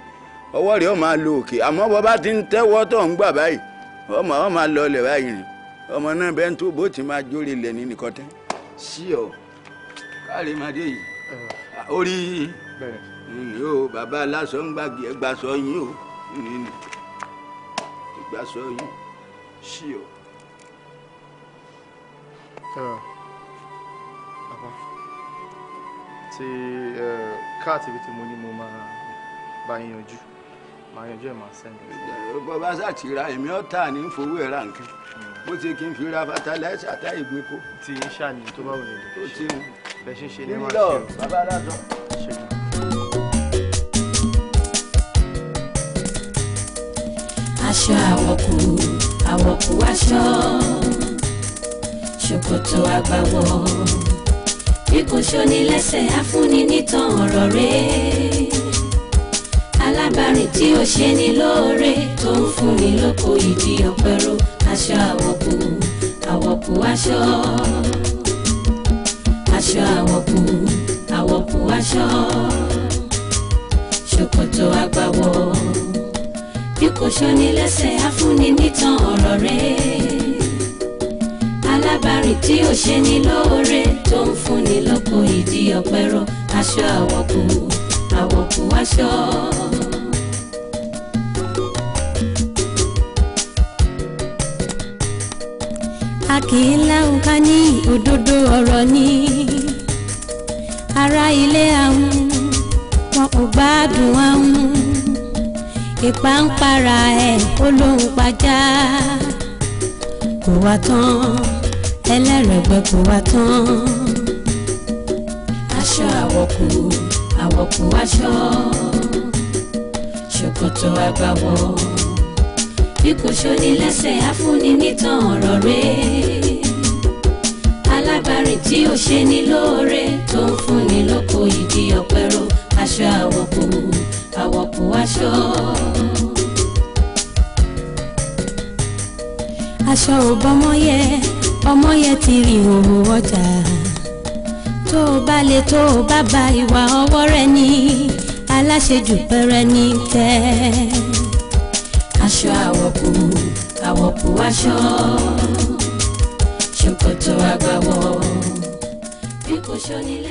ọwọ́ rẹ̀ ọ máa lo òkè àmọ́ bó bá ti ń tẹ́wọ́ tó ń gbà báyìí ọmọ ọ máa lọ ilẹ̀ báyìí rìn ọmọ náà bẹ́ẹ̀ tó bó ti máa jórí ilẹ̀ ní nìkan tán. sí ọ káàrí madé yìí orí nìyí o bàbá aláṣọ ń gbàgbé ẹgbàṣọ yín o nìyí ẹgbàṣọ yín sí ọ. ti káàtì ibi tí mo ní mo máa bá yanjú máa yanjú ẹ̀ máa sẹ́ni. bọ́bá sàtìrà èmi ọ̀tá ní fowó ẹ̀ ra nǹkan bó ti kí n fi ra fatalaisa tá ìgbín kó. ti ṣàní tó bá wọlé lè ṣe bẹ́ẹ̀ ṣe ṣe ní wàá ṣe o. bàbá aláàtọ̀ aṣọ àwọ̀kù àwọ̀kù aṣọ ṣòkòtò àgbàwọ̀ bí kò ṣoni lẹ́sẹ̀ afúnni nítàn ọ̀rọ̀ rẹ̀ alábàárìn tí ó ṣe ní lóore tó ń fúnni lóko ìdí ọ̀pẹ̀rọ aṣọ àwọ̀kù àwọ̀kù aṣọ aṣọ àwọ̀kù àwọ̀kù aṣọ ṣòkòtò àgbàwọ̀ bí kò ṣoni lẹ́sẹ̀ afúnni nítàn ọ̀rọ̀ rẹ̀ alábàárìn tí ò ṣe ní lóore tó ń fúnni lọ́pọ̀ ìdí ọ̀pẹ rọ aṣọ àwọ̀kù àwọ̀kù aṣọ. a kì í láhùn ká ní òdodo ọ̀rọ̀ ni ará ilé àwọn wọn kò gbádùn àwọn ìpàǹpara ẹ̀ ó lóun kò wá tán ẹlẹ́rẹ̀gbẹ́ kò wá tán. aṣọ àwọ̀kù àwọ̀kù aṣọ ṣòkòtò àgbàwọ̀ bí kò ṣoni lẹ́sẹ̀ afúnni nítàn ọ̀rọ̀ rẹ̀ alábàárìn tí ó ṣe ní lóore tó ń fúnni lóko ìdí ọ̀pẹ̀rọ̀ aṣọ àwọ̀kù àwọ̀kù aṣọ. aṣọ ò bọ́mọ yẹ ọmọ yẹn ti rìn òwò ọjà tó o bá lè tó o bá ba ìwà ọwọ́ rẹ ní aláṣejù pẹrẹ ní tẹ́. aṣọ àwọ̀kù àwọ̀kù aṣọ ṣòkòtò àgbàwọ̀ bí kò ṣọ́ni lẹ́yìn.